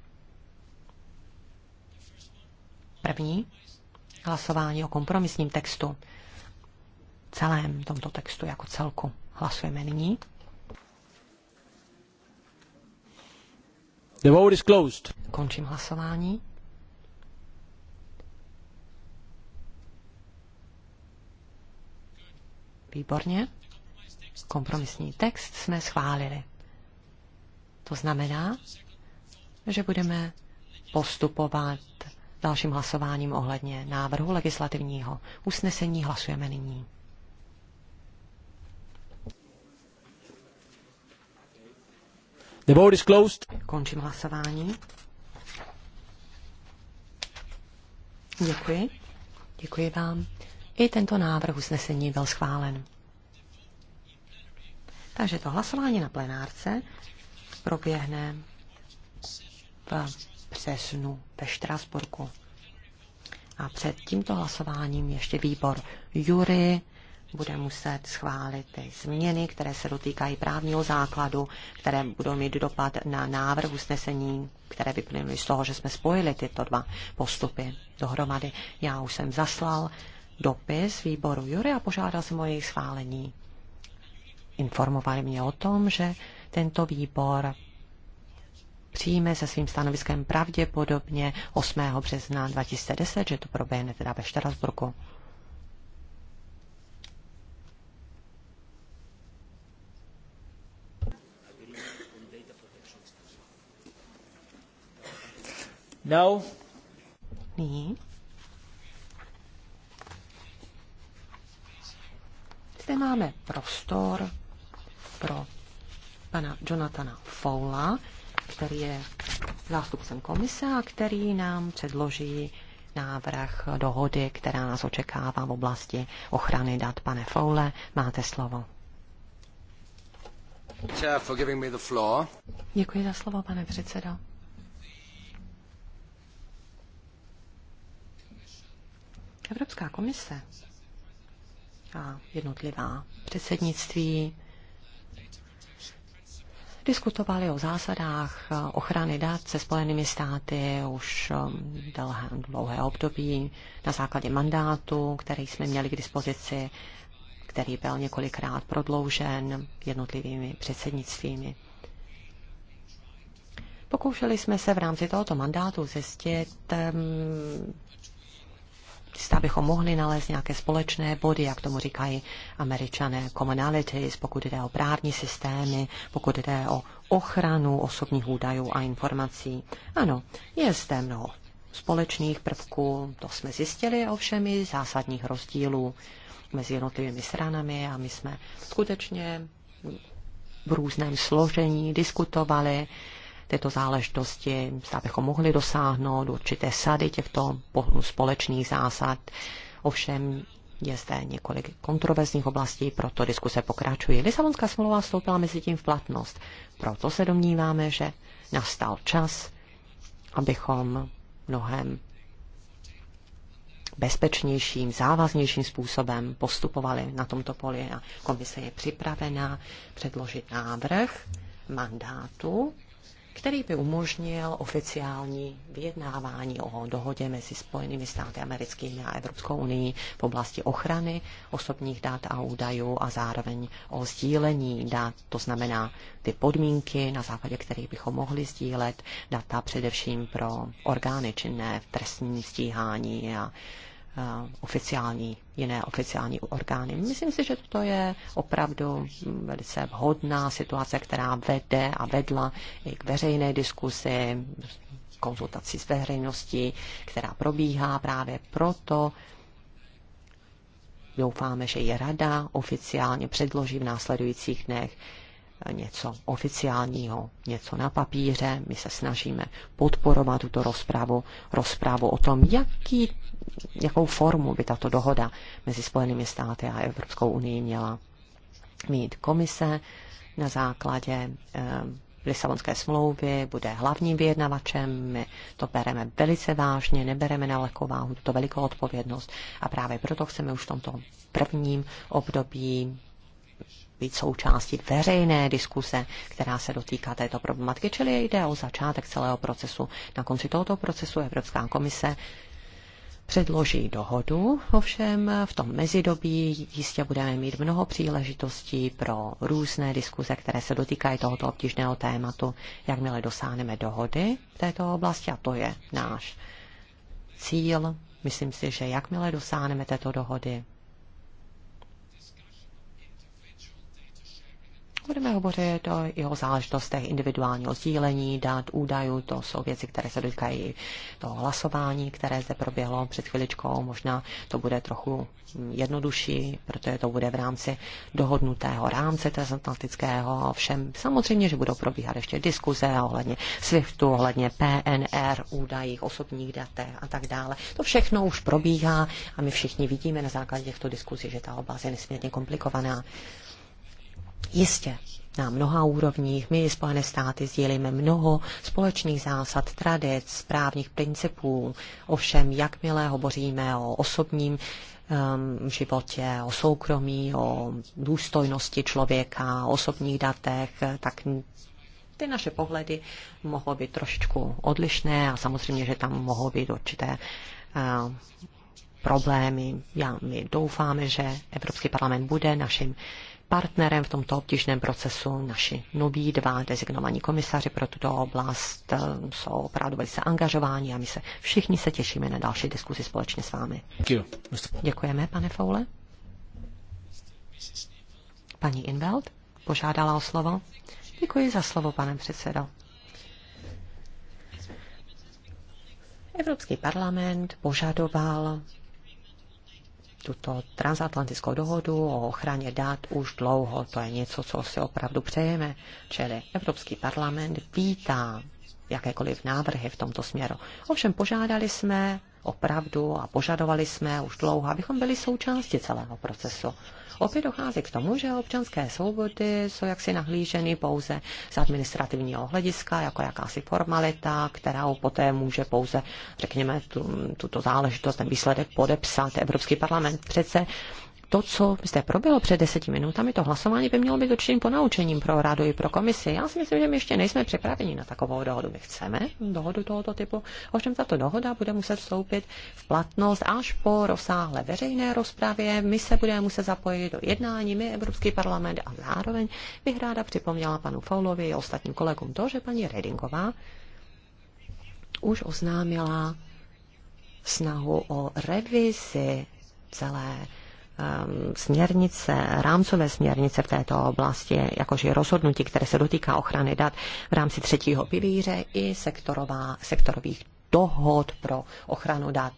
První hlasování o kompromisním textu. Celém tomto textu jako celku hlasujeme nyní. The vote is closed. Končím hlasování. Výborně. Kompromisní text jsme schválili. To znamená, že budeme postupovat dalším hlasováním ohledně návrhu legislativního usnesení. Hlasujeme nyní. The vote is closed. Končím hlasování. Děkuji. Děkuji vám. I tento návrh usnesení byl schválen. Takže to hlasování na plenárce proběhne v přesnu ve Štrasburku. A před tímto hlasováním ještě výbor Jury bude muset schválit ty změny, které se dotýkají právního základu, které budou mít dopad na návrh usnesení, které vyplynuly z toho, že jsme spojili tyto dva postupy dohromady. Já už jsem zaslal dopis výboru Jury a požádal jsem o jejich schválení. Informovali mě o tom, že tento výbor přijme se svým stanoviskem pravděpodobně 8. března 2010, že to proběhne teda ve Štrasburku. No. Nyní. Zde máme prostor pro pana Jonathana Fowla, který je zástupcem komise a který nám předloží návrh dohody, která nás očekává v oblasti ochrany dat. Pane Foule, máte slovo. Děkuji za slovo, pane předsedo. Evropská komise a jednotlivá předsednictví diskutovali o zásadách ochrany dat se Spojenými státy už um, dlouhé, dlouhé období na základě mandátu, který jsme měli k dispozici, který byl několikrát prodloužen jednotlivými předsednictvími. Pokoušeli jsme se v rámci tohoto mandátu zjistit, um, text, abychom mohli nalézt nějaké společné body, jak tomu říkají američané commonalities, pokud jde o právní systémy, pokud jde o ochranu osobních údajů a informací. Ano, je zde mnoho společných prvků, to jsme zjistili, ovšem i zásadních rozdílů mezi jednotlivými stranami a my jsme skutečně v různém složení diskutovali této záležitosti, zda bychom mohli dosáhnout určité sady těchto společných zásad. Ovšem je zde několik kontroverzních oblastí, proto diskuse pokračují. Lisabonská smlouva vstoupila mezi tím v platnost. Proto se domníváme, že nastal čas, abychom mnohem bezpečnějším, závaznějším způsobem postupovali na tomto poli a komise je připravena předložit návrh mandátu který by umožnil oficiální vyjednávání o dohodě mezi Spojenými státy americkými a Evropskou unii v oblasti ochrany osobních dat a údajů a zároveň o sdílení dat, to znamená ty podmínky, na základě kterých bychom mohli sdílet data především pro orgány činné v trestním stíhání a oficiální, jiné oficiální orgány. Myslím si, že to je opravdu velice vhodná situace, která vede a vedla i k veřejné diskusi, konzultaci s veřejností, která probíhá právě proto, Doufáme, že je rada oficiálně předloží v následujících dnech něco oficiálního, něco na papíře. My se snažíme podporovat tuto rozpravu, rozpravu o tom, jaký, jakou formu by tato dohoda mezi Spojenými státy a Evropskou unii měla mít komise na základě eh, Lisabonské smlouvy, bude hlavním vyjednavačem, my to bereme velice vážně, nebereme na lehkou váhu tuto velikou odpovědnost a právě proto chceme už v tomto prvním období být součástí veřejné diskuse, která se dotýká této problematiky, čili jde o začátek celého procesu. Na konci tohoto procesu Evropská komise předloží dohodu, ovšem v tom mezidobí jistě budeme mít mnoho příležitostí pro různé diskuze, které se dotýkají tohoto obtížného tématu, jakmile dosáhneme dohody v této oblasti a to je náš cíl. Myslím si, že jakmile dosáhneme této dohody, Budeme hovořit o jeho záležitostech individuálního sdílení, dát údajů, to jsou věci, které se dotýkají toho hlasování, které zde proběhlo před chviličkou. Možná to bude trochu jednodušší, protože to bude v rámci dohodnutého rámce transatlantického. Ovšem samozřejmě, že budou probíhat ještě diskuze ohledně SWIFTu, ohledně PNR, údajích, osobních datech a tak dále. To všechno už probíhá a my všichni vidíme na základě těchto diskuzí, že ta oblast je nesmírně komplikovaná. Jistě, na mnoha úrovních. My, Spojené státy, sdílíme mnoho společných zásad, tradic, správních principů. Ovšem, jakmile hovoříme o osobním um, životě, o soukromí, o důstojnosti člověka, o osobních datech, tak ty naše pohledy mohou být trošičku odlišné a samozřejmě, že tam mohou být určité uh, problémy. Já, my doufáme, že Evropský parlament bude naším partnerem v tomto obtížném procesu. Naši noví dva dezignovaní komisaři pro tuto oblast eh, jsou opravdu velice angažováni a my se všichni se těšíme na další diskuzi společně s vámi. Děkujeme, pane Foule. Paní Inveld požádala o slovo. Děkuji za slovo, pane předsedo. Evropský parlament požadoval tuto transatlantickou dohodu o ochraně dát už dlouho. To je něco, co si opravdu přejeme. Čili Evropský parlament vítá jakékoliv návrhy v tomto směru. Ovšem požádali jsme opravdu a požadovali jsme už dlouho, abychom byli součástí celého procesu opět dochází k tomu, že občanské svobody jsou jaksi nahlíženy pouze z administrativního hlediska, jako jakási formalita, která poté může pouze, řekněme, tu, tuto záležitost, ten výsledek podepsat Evropský parlament. Přece to, co zde proběhlo před deseti minutami, to hlasování by mělo být určitým ponaučením pro radu i pro komisi. Já si myslím, že my ještě nejsme připraveni na takovou dohodu. My chceme dohodu tohoto typu, ovšem tato dohoda bude muset vstoupit v platnost až po rozsáhlé veřejné rozpravě. My se budeme muset zapojit do jednání, my Evropský parlament a zároveň bych ráda připomněla panu Faulovi a ostatním kolegům to, že paní Redingová už oznámila snahu o revizi celé Ehm, směrnice, rámcové směrnice v této oblasti, jakož i rozhodnutí, které se dotýká ochrany dat v rámci třetího pilíře i sektorová, sektorových dohod pro ochranu dat.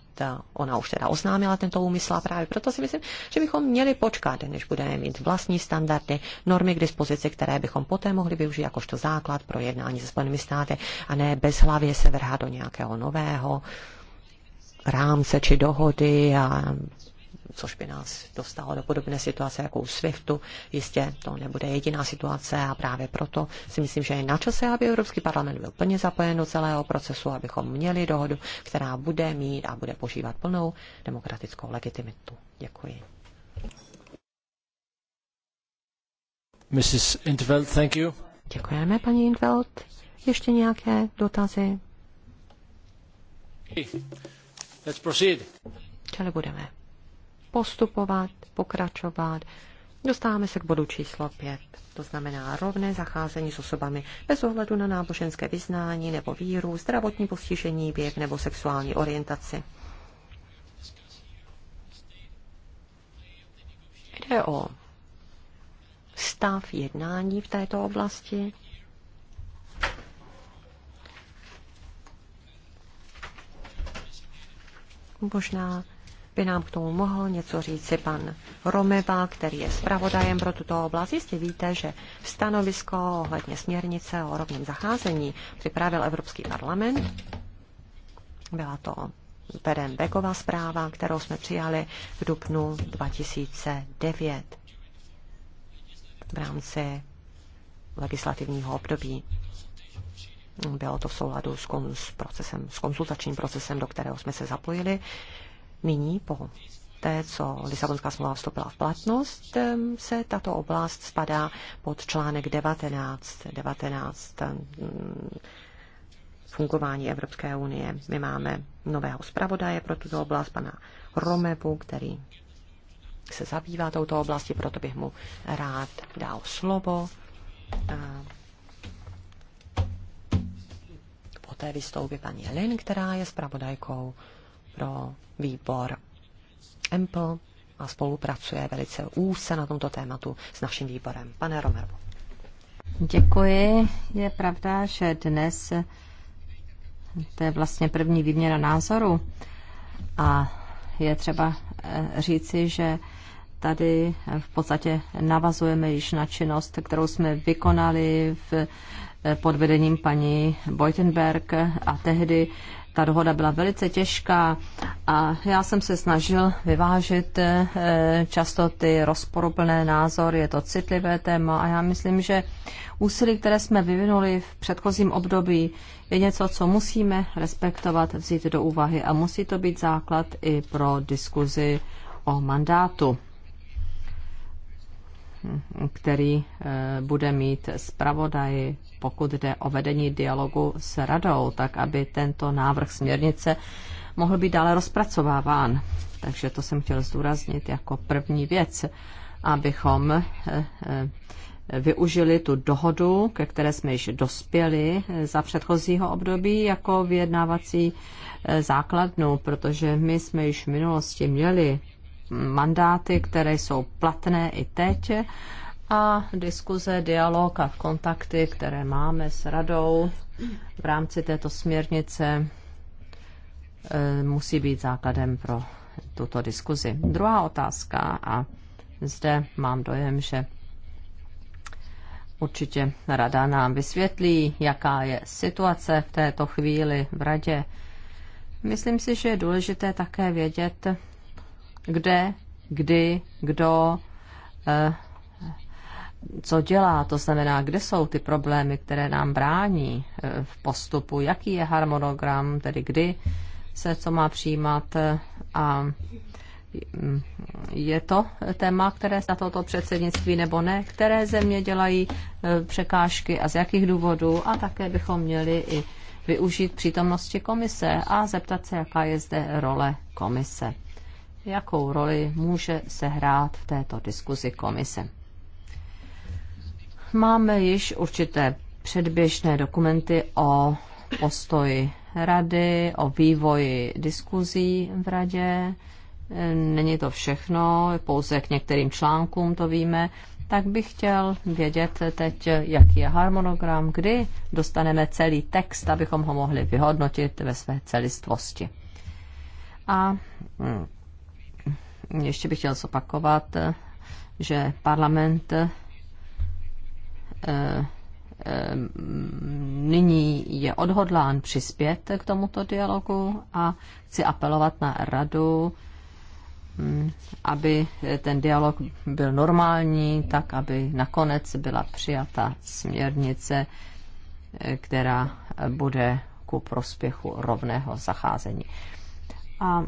Ona už teda oznámila tento úmysl a právě proto si myslím, že bychom měli počkat, než budeme mít vlastní standardy, normy k dispozici, které bychom poté mohli využít jakožto základ pro jednání se Spojenými státy a ne bezhlavě se vrhat do nějakého nového rámce či dohody a což by nás dostalo do podobné situace jako u SWIFTu. Jistě to nebude jediná situace a právě proto si myslím, že je na čase, aby Evropský parlament byl plně zapojen do celého procesu, abychom měli dohodu, která bude mít a bude požívat plnou demokratickou legitimitu. Děkuji. Mrs. Intveld, thank you. Děkujeme, paní Intveld. Ještě nějaké dotazy? Let's proceed. Čili budeme postupovat, pokračovat. Dostáváme se k bodu číslo 5, to znamená rovné zacházení s osobami bez ohledu na náboženské vyznání nebo víru, zdravotní postižení, věk nebo sexuální orientaci. Jde o stav jednání v této oblasti. Možná by nám k tomu mohl něco říci pan Romeva, který je zpravodajem pro tuto oblast. Jistě víte, že stanovisko ohledně směrnice o rovném zacházení připravil Evropský parlament. Byla to Beren Beková zpráva, kterou jsme přijali v dubnu 2009 v rámci legislativního období. Bylo to v souladu s, kon, s, procesem, s konsultačním procesem, do kterého jsme se zapojili. Nyní po té, co Lisabonská smlouva vstoupila v platnost, se tato oblast spadá pod článek 19, 19 fungování Evropské unie. My máme nového zpravodaje pro tuto oblast, pana Romebu, který se zabývá touto oblasti, proto bych mu rád dal slovo. A poté vystoupí paní Elin, která je zpravodajkou pro výbor EMPL a spolupracuje velice úzce na tomto tématu s naším výborem. Pane Romero. Děkuji. Je pravda, že dnes to je vlastně první výměna názoru a je třeba eh, říci, že tady v podstatě navazujeme již na činnost, kterou jsme vykonali v, eh, pod vedením paní Beutenberg a tehdy ta dohoda byla velice těžká a já jsem se snažil vyvážit eh, často ty rozporuplné názory, je to citlivé téma a já myslím, že úsilí, které jsme vyvinuli v předchozím období, je něco, co musíme respektovat, vzít do úvahy a musí to být základ i pro diskuzi o mandátu hm, který eh, bude mít zpravodaj pokud jde o vedení dialogu s radou, tak aby tento návrh směrnice mohl být dále rozpracováván. Takže to jsem chtěl zdůraznit jako první věc, abychom eh, eh, využili tu dohodu, ke které jsme již dospěli eh, za předchozího období jako vyjednávací základnu, protože my jsme již v minulosti měli mandáty, které jsou platné i teď a diskuze, dialog a kontakty, které máme s radou v rámci této směrnice, e, musí být základem pro tuto diskuzi. Druhá otázka a zde mám dojem, že určitě rada nám vysvětlí, jaká je situace v této chvíli v radě. Myslím si, že je důležité také vědět, kde, kdy, kdo e, co dělá, to znamená, kde jsou ty problémy, které nám brání eh, v postupu, jaký je harmonogram, tedy kdy se co má přijímat eh, a mm, je to téma, které na toto předsednictví nebo ne, které země dělají eh, překážky a z jakých důvodů a také bychom měli i využít přítomnosti komise a zeptat se, jaká je zde role komise. Jakou roli může sehrát v této diskuzi komise máme již určité předběžné dokumenty o postoji rady, o vývoji diskuzí v radě. Není to všechno, pouze k některým článkům to víme. Tak bych chtěl vědět teď, jaký je harmonogram, kdy dostaneme celý text, abychom ho mohli vyhodnotit ve své celistvosti. A hm, ještě bych chtěl zopakovat, že parlament Eh, eh, nyní je odhodlán přispět k tomuto dialogu a chci apelovat na radu, hm, aby ten dialog byl normální, tak aby nakonec byla přijata směrnice, eh, která bude ku prospěchu rovného zacházení. A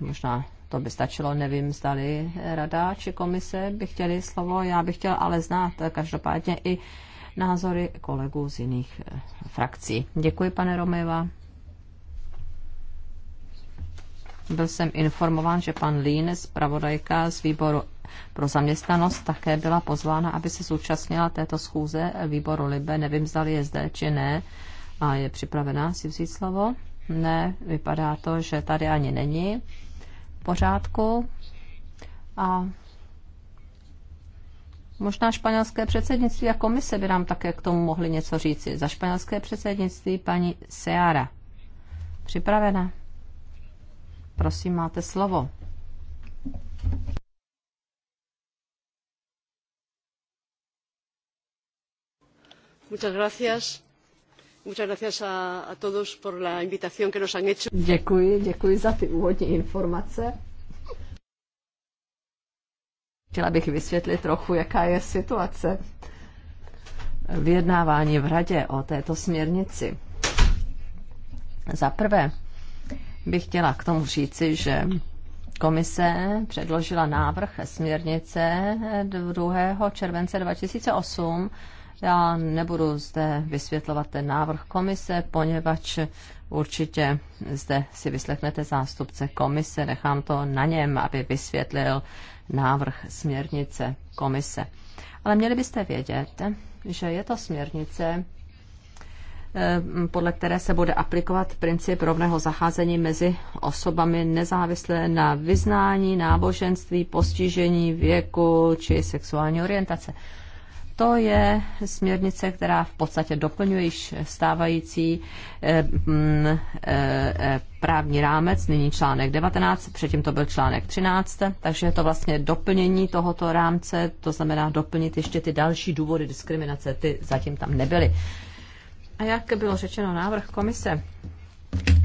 možná to by stačilo, nevím, zdali rada či komise by chtěli slovo, já bych chtěl ale znát každopádně i názory kolegů z jiných eh, frakcí. Děkuji, pane Romeva. Byl jsem informován, že pan Lín, zpravodajka z výboru pro zaměstnanost, také byla pozvána, aby se zúčastnila této schůze výboru Libe. Nevím, zda je zde či ne. A je připravená si vzít slovo? Ne, vypadá to, že tady ani není pořádku a možná španělské předsednictví a komise by nám také k tomu mohli něco říci. Za španělské předsednictví paní Seara. Připravena? Prosím, máte slovo. Muchas gracias. Muchas gracias a, todos por la invitación que nos han hecho. Děkuji, děkuji za ty úvodní informace. Chtěla bych vysvětlit trochu, jaká je situace vyjednávání v radě o této směrnici. Za prvé bych chtěla k tomu říci, že komise předložila návrh směrnice 2. července 2008 já nebudu zde vysvětlovat ten návrh komise, poněvadž určitě zde si vyslechnete zástupce komise, nechám to na něm, aby vysvětlil návrh směrnice komise. Ale měli byste vědět, že je to směrnice, eh, podle které se bude aplikovat princip rovného zacházení mezi osobami nezávisle na vyznání, náboženství, postižení, věku či sexuální orientace. To je směrnice, která v podstatě doplňuje již stávající eh, mm, eh, eh, právní rámec, nyní článek 19, předtím to byl článek 13, takže je to vlastně doplnění tohoto rámce, to znamená doplnit ještě ty další důvody diskriminace, ty zatím tam nebyly. A jak bylo řečeno, návrh komise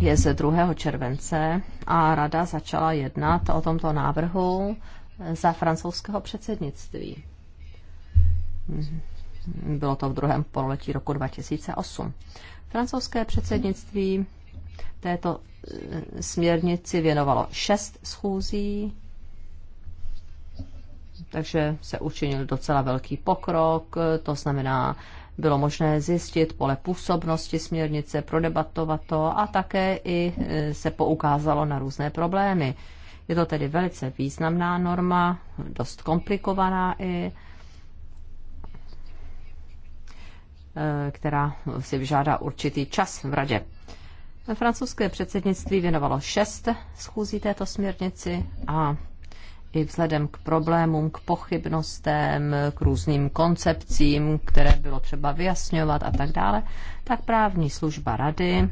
je ze 2. července a rada začala jednat o tomto návrhu za francouzského předsednictví. Bylo to v druhém pololetí roku 2008. Francouzské předsednictví této eh, směrnici věnovalo šest schůzí, takže se učinil docela velký pokrok, to znamená, bylo možné zjistit pole působnosti směrnice, prodebatovat to a také i eh, se poukázalo na různé problémy. Je to tedy velice významná norma, dost komplikovaná i, Eh, která si vyžádá určitý čas v radě. Francouzské předsednictví věnovalo šest schůzí této směrnici a i vzhledem k problémům, k pochybnostem, k různým koncepcím, které bylo třeba vyjasňovat a tak dále, tak právní služba rady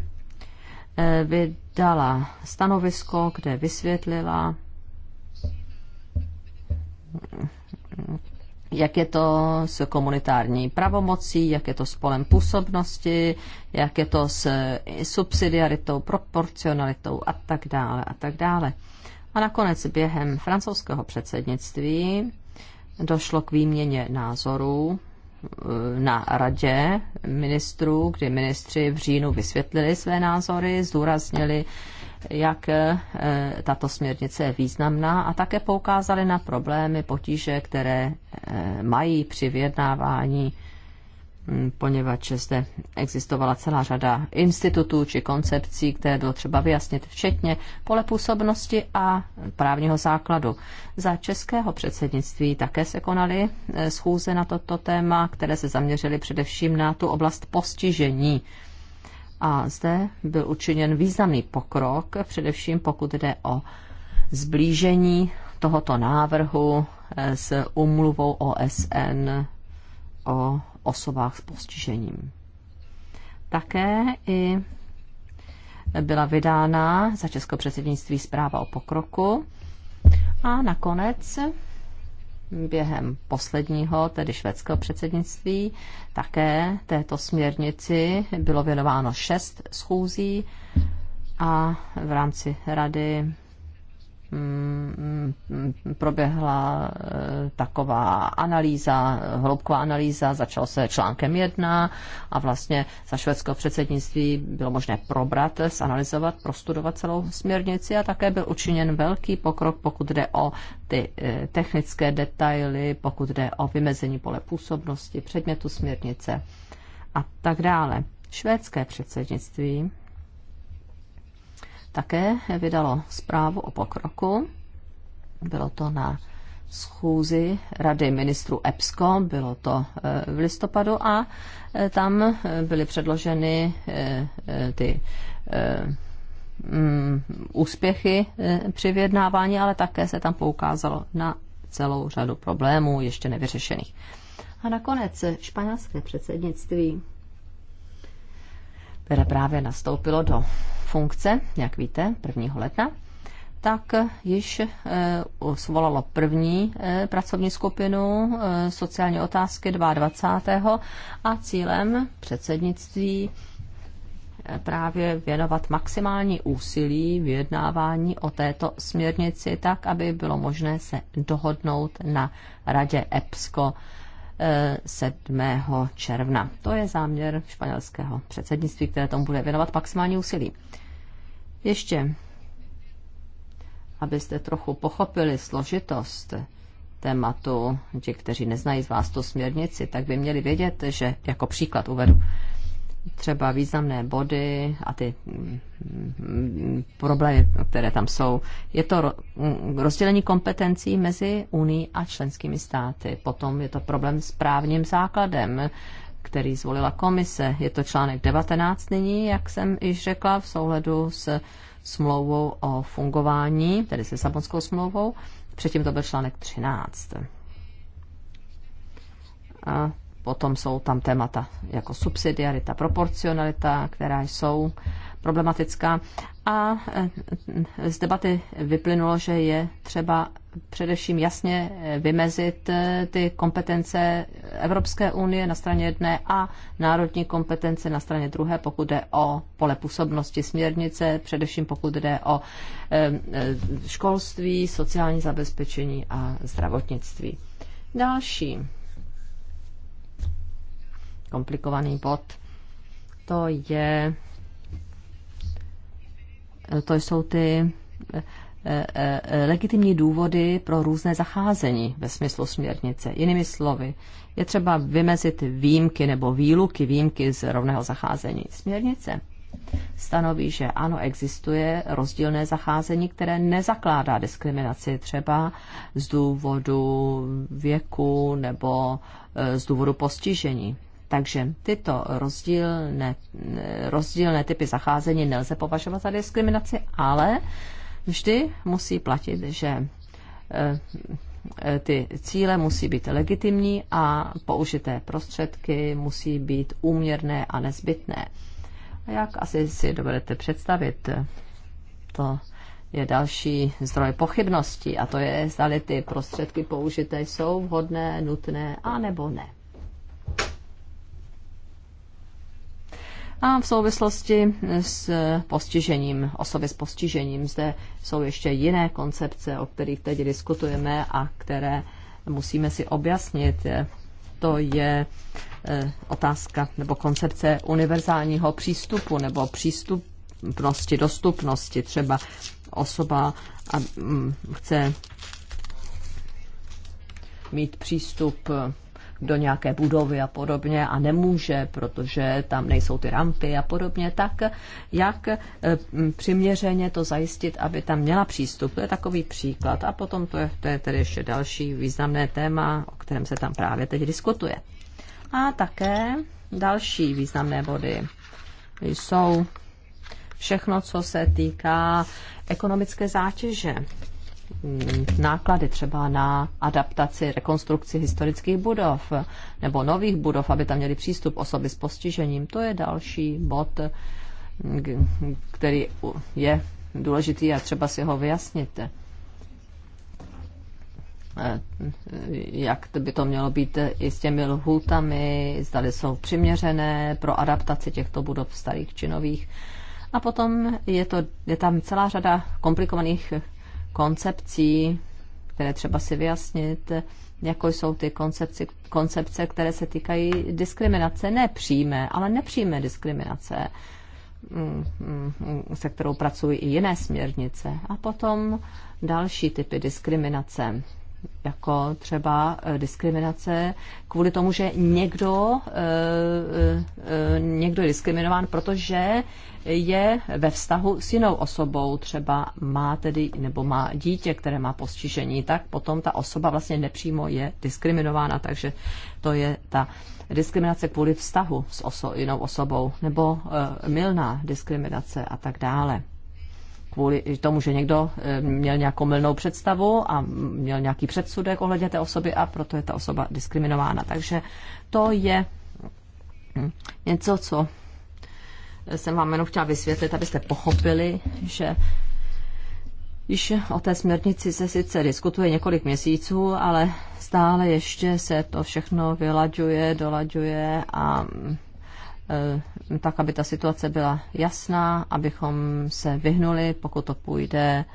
eh, vydala stanovisko, kde vysvětlila jak je to s komunitární pravomocí, jak je to s polem působnosti, jak je to s subsidiaritou, proporcionalitou a tak dále a tak dále. A nakonec během francouzského předsednictví došlo k výměně názorů eh, na radě ministrů, kdy ministři v říjnu vysvětlili své názory, zdůraznili jak eh, tato směrnice je významná a také poukázali na problémy, potíže, které eh, mají při vyjednávání, hm, poněvadž zde existovala celá řada institutů či koncepcí, které bylo třeba vyjasnit, včetně pole působnosti a právního základu. Za českého předsednictví také se konaly eh, schůze na toto téma, které se zaměřily především na tu oblast postižení a zde byl učiněn významný pokrok, především pokud jde o zblížení tohoto návrhu eh, s umluvou OSN o osobách s postižením. Také i byla vydána za česko předsednictví zpráva o pokroku. A nakonec během posledního, tedy švédského předsednictví, také této směrnici bylo věnováno šest schůzí a v rámci rady Mm, proběhla eh, taková analýza, hloubková analýza, začalo se článkem jedna a vlastně za švédského předsednictví bylo možné probrat, zanalizovat, prostudovat celou směrnici a také byl učiněn velký pokrok, pokud jde o ty eh, technické detaily, pokud jde o vymezení pole působnosti, předmětu směrnice a tak dále. Švédské předsednictví také vydalo zprávu o pokroku. Bylo to na schůzi Rady ministrů EPSCO, bylo to eh, v listopadu a eh, tam eh, byly předloženy ty mm, úspěchy při vyjednávání, ale také se tam poukázalo na celou řadu problémů ještě nevyřešených. A nakonec španělské předsednictví, které právě nastoupilo do funkce, jak víte, 1. ledna, tak již eh, svolalo první eh, pracovní skupinu eh, sociální otázky 22. a cílem předsednictví právě věnovat maximální úsilí vyjednávání o této směrnici tak, aby bylo možné se dohodnout na radě EPSCO 7. června. To je záměr španělského předsednictví, které tomu bude věnovat maximální úsilí. Ještě, abyste trochu pochopili složitost tématu, ti, kteří neznají z vás tu směrnici, tak by měli vědět, že jako příklad uvedu třeba významné body a ty mm, problémy, které tam jsou. Je to mm, rozdělení kompetencí mezi Unii a členskými státy. Potom je to problém s právním základem, který zvolila komise. Je to článek 19 nyní, jak jsem již řekla, v souhledu s smlouvou o fungování, tedy se Sabonskou smlouvou. Předtím to byl článek 13. A potom jsou tam témata jako subsidiarita, proporcionalita, která jsou problematická. A e, z debaty vyplynulo, že je třeba především jasně eh, vymezit eh, ty kompetence Evropské unie na straně jedné a národní kompetence na straně druhé, pokud jde o pole působnosti směrnice, především pokud jde o eh, školství, sociální zabezpečení a zdravotnictví. Další komplikovaný bod, to je to jsou ty Eh, eh, legitimní důvody pro různé zacházení ve smyslu směrnice. Jinými slovy, je třeba vymezit výjimky nebo výluky výjimky z rovného zacházení. Směrnice stanoví, že ano, existuje rozdílné zacházení, které nezakládá diskriminaci třeba z důvodu věku nebo eh, z důvodu postižení. Takže tyto rozdílné, rozdílné typy zacházení nelze považovat za diskriminaci, ale vždy musí platit, že eh, eh, ty cíle musí být legitimní a použité prostředky musí být úměrné a nezbytné. A jak asi si dovedete představit, to je další zdroj pochybností a to je, zda ty prostředky použité jsou vhodné, nutné a nebo ne. a v souvislosti s postižením, osoby s postižením. Zde jsou ještě jiné koncepce, o kterých teď diskutujeme a které musíme si objasnit. To je eh, otázka nebo koncepce univerzálního přístupu nebo přístupnosti, dostupnosti. Třeba osoba mm, chce mít přístup do nějaké budovy a podobně a nemůže, protože tam nejsou ty rampy a podobně, tak jak eh, přiměřeně to zajistit, aby tam měla přístup. To je takový příklad. A potom to je, to je tedy ještě další významné téma, o kterém se tam právě teď diskutuje. A také další významné body jsou všechno, co se týká ekonomické zátěže. Mm, náklady třeba na adaptaci, rekonstrukci historických budov nebo nových budov, aby tam měli přístup osoby s postižením. To je další bod, mm, který je důležitý a třeba si ho vyjasnit. Eh, jak by to mělo být eh, i s těmi lhůtami, zdali jsou přiměřené pro adaptaci těchto budov starých či nových. A potom je, to, je tam celá řada komplikovaných koncepcí, které třeba si vyjasnit, jako jsou ty koncepci, koncepce, které se týkají diskriminace, ne přímé, ale nepřímé diskriminace, mm, mm, se kterou pracují i jiné směrnice. A potom další typy diskriminace, jako třeba e, diskriminace kvůli tomu, že někdo, e, e, někdo je diskriminován, protože je ve vztahu s jinou osobou, třeba má tedy nebo má dítě, které má postižení, tak potom ta osoba vlastně nepřímo je diskriminována, takže to je ta diskriminace kvůli vztahu s oso- jinou osobou, nebo e, milná diskriminace a tak dále kvůli tomu, že někdo eh, měl nějakou mylnou představu a měl nějaký předsudek ohledně té osoby a proto je ta osoba diskriminována. Takže to je hm, něco, co jsem vám jenom chtěla vysvětlit, abyste pochopili, že Již o té směrnici se sice diskutuje několik měsíců, ale stále ještě se to všechno vylaďuje, dolaďuje a hm, Eh, tak aby ta situace byla jasná, abychom se vyhnuli, pokud to půjde,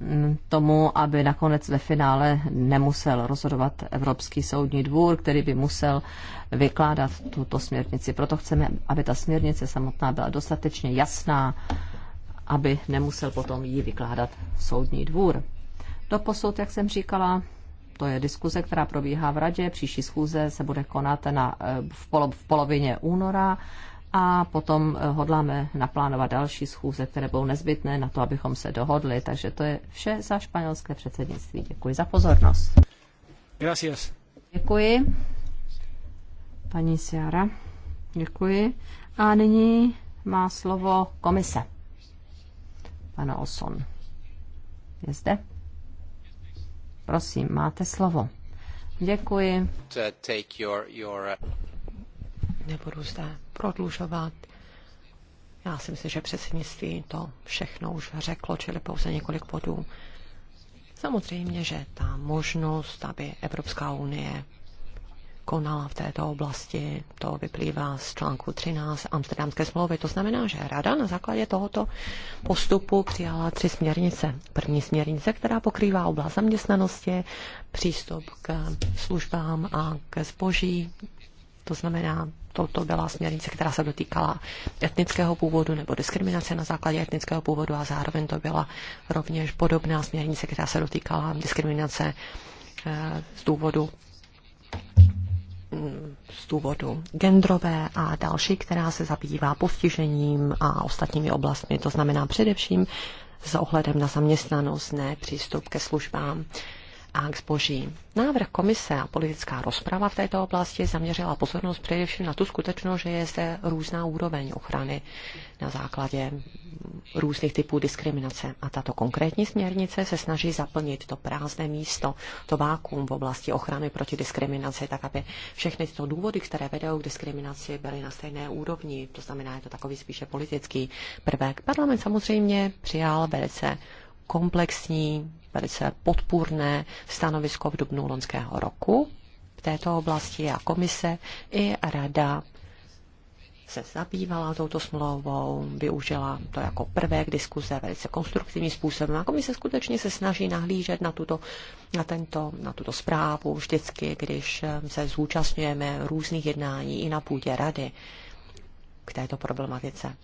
mm, tomu, aby nakonec ve finále nemusel rozhodovat Evropský soudní dvůr, který by musel vykládat tuto směrnici. Proto chceme, aby ta směrnice samotná byla dostatečně jasná, aby nemusel potom ji vykládat soudní dvůr. Doposud, jak jsem říkala, to je diskuze, která probíhá v radě. Příští schůze se bude konat na, eh, v, polo, v polovině února a potom eh, hodláme naplánovat další schůze, které budou nezbytné na to, abychom se dohodli. Takže to je vše za španělské předsednictví. Děkuji za pozornost. Gracias. Děkuji. Paní Siara, děkuji. A nyní má slovo komise. Pana Oson. Je zde? Prosím, máte slovo. Děkuji. Uh, Nebudu zde prodlužovat. Já si myslím, že předsednictví to všechno už řeklo, čili pouze několik bodů. Samozřejmě, že ta možnost, aby Evropská unie konala v této oblasti. To vyplývá z článku 13 Amsterdamské smlouvy. To znamená, že Rada na základě tohoto postupu přijala tři směrnice. První směrnice, která pokrývá oblast zaměstnanosti, přístup k službám a ke zboží, to znamená, to, to byla směrnice, která se dotýkala etnického původu nebo diskriminace na základě etnického původu a zároveň to byla rovněž podobná směrnice, která se dotýkala diskriminace eh, z důvodu z důvodu genderové a další, která se zabývá postižením a ostatními oblastmi, to znamená především s ohledem na zaměstnanost, ne přístup ke službám a k zboží. Návrh komise a politická rozprava v této oblasti zaměřila pozornost především na tu skutečnost, že je zde různá úroveň ochrany na základě různých typů diskriminace. A tato konkrétní směrnice se snaží zaplnit to prázdné místo, to vákum v oblasti ochrany proti diskriminaci, tak aby všechny tyto důvody, které vedou k diskriminaci, byly na stejné úrovni. To znamená, je to takový spíše politický prvek. Parlament samozřejmě přijal velice komplexní velice podpůrné stanovisko v dubnu loňského roku v této oblasti a komise i rada se zabývala touto smlouvou, využila to jako k diskuze velice konstruktivním způsobem. A komise skutečně se snaží nahlížet na tuto, na, tento, na tuto zprávu vždycky, když se zúčastňujeme různých jednání i na půdě rady k této problematice.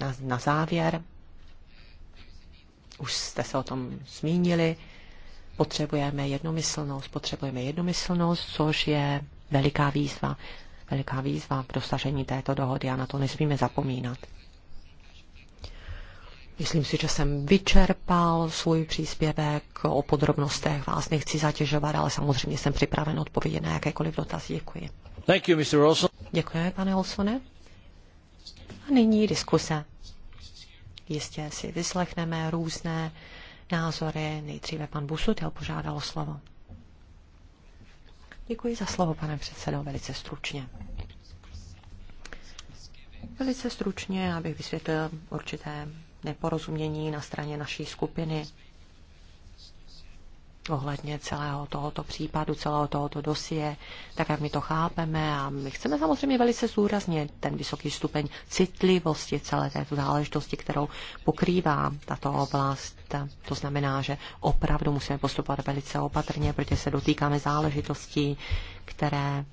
Na, na závěr už jste se o tom zmínili. Potřebujeme jednomyslnost, potřebujeme jednomyslnost, což je veliká výzva. Veliká výzva k dosažení této dohody a na to nesmíme zapomínat. Myslím si, že jsem vyčerpal svůj příspěvek. O podrobnostech vás nechci zatěžovat, ale samozřejmě jsem připraven odpovědět na jakékoliv dotazy. Děkuji. Thank you, Mr. Olson. Děkuji, pane Olsone. A nyní diskuse. Jistě si vyslechneme různé názory. Nejdříve pan Busutil požádal o slovo. Děkuji za slovo, pane předsedo, velice stručně. Velice stručně, abych vysvětlil určité neporozumění na straně naší skupiny ohledně celého tohoto případu, celého tohoto dosie, tak jak my to chápeme a my chceme samozřejmě velice zúrazně ten vysoký stupeň citlivosti celé této záležitosti, kterou pokrývá tato oblast. To znamená, že opravdu musíme postupovat velice opatrně, protože se dotýkáme záležitostí, které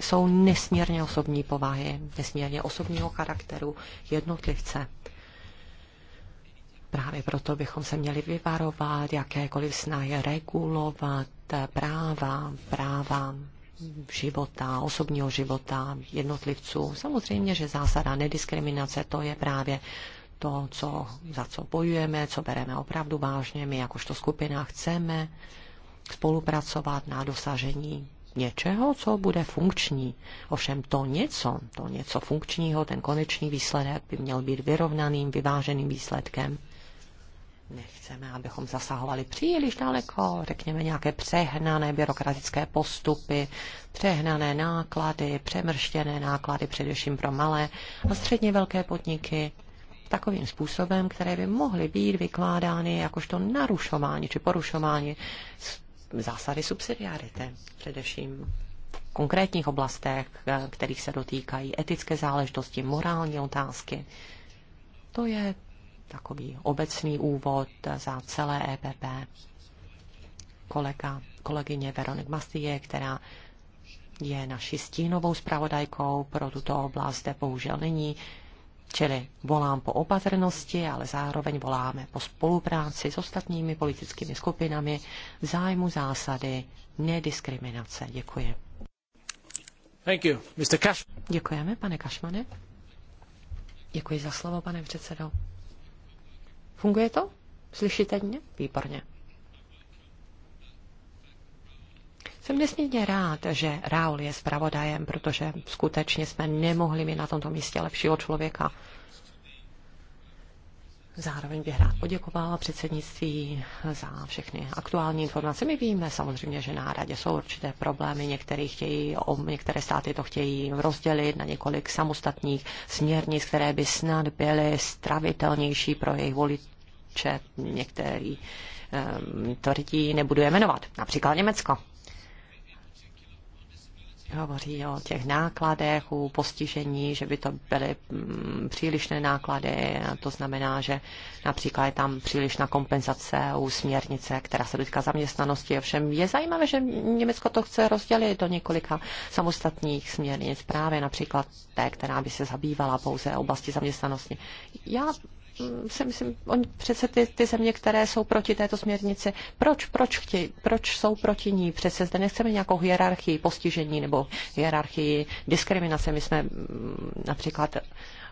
jsou nesmírně osobní povahy, nesmírně osobního charakteru jednotlivce. Právě proto bychom se měli vyvarovat jakékoliv snahy regulovat práva, práva života, osobního života jednotlivců. Samozřejmě, že zásada nediskriminace to je právě to, co, za co bojujeme, co bereme opravdu vážně. My jakožto skupina chceme spolupracovat na dosažení něčeho, co bude funkční. Ovšem to něco, to něco funkčního, ten konečný výsledek by měl být vyrovnaným, vyváženým výsledkem. Nechceme, abychom zasahovali příliš daleko, řekněme nějaké přehnané byrokratické postupy, přehnané náklady, přemrštěné náklady především pro malé a středně velké podniky takovým způsobem, které by mohly být vykládány jakožto narušování či porušování zásady subsidiarity, především v konkrétních oblastech, eh, kterých se dotýkají etické záležitosti, morální otázky. To je takový obecný úvod za celé EPP. Kolega, kolegyně Veronik Mastie, která je naší stínovou zpravodajkou pro tuto oblast, kde bohužel není. Čili volám po opatrnosti, ale zároveň voláme po spolupráci s ostatními politickými skupinami v zájmu zásady nediskriminace. Děkuji. Thank you, Mr. Cash. Děkujeme, pane Kašmane. Děkuji za slovo, pane předsedo. Funguje to? Slyšíte mě? Výborně. Jsem nesmírně rád, že Raul je zpravodajem, protože skutečně jsme nemohli mít na tomto místě lepšího člověka Zároveň bych rád poděkovala předsednictví za všechny aktuální informace. My víme samozřejmě, že na radě jsou určité problémy, některé, chtějí, některé státy to chtějí rozdělit na několik samostatných směrnic, které by snad byly stravitelnější pro jejich voliče. Některý um, tvrdí, nebudu je jmenovat, například Německo hovoří o těch nákladech, u postižení, že by to byly mm, přílišné náklady. To znamená, že například je tam přílišná kompenzace u směrnice, která se dotýká zaměstnanosti. Ovšem je zajímavé, že Německo to chce rozdělit do několika samostatných směrnic, právě například té, která by se zabývala pouze oblasti zaměstnanosti. Já si myslím, on, přece ty, ty země, které jsou proti této směrnici, proč, proč, chtějí, proč jsou proti ní? Přece zde nechceme nějakou hierarchii postižení nebo hierarchii diskriminace. My jsme mm, například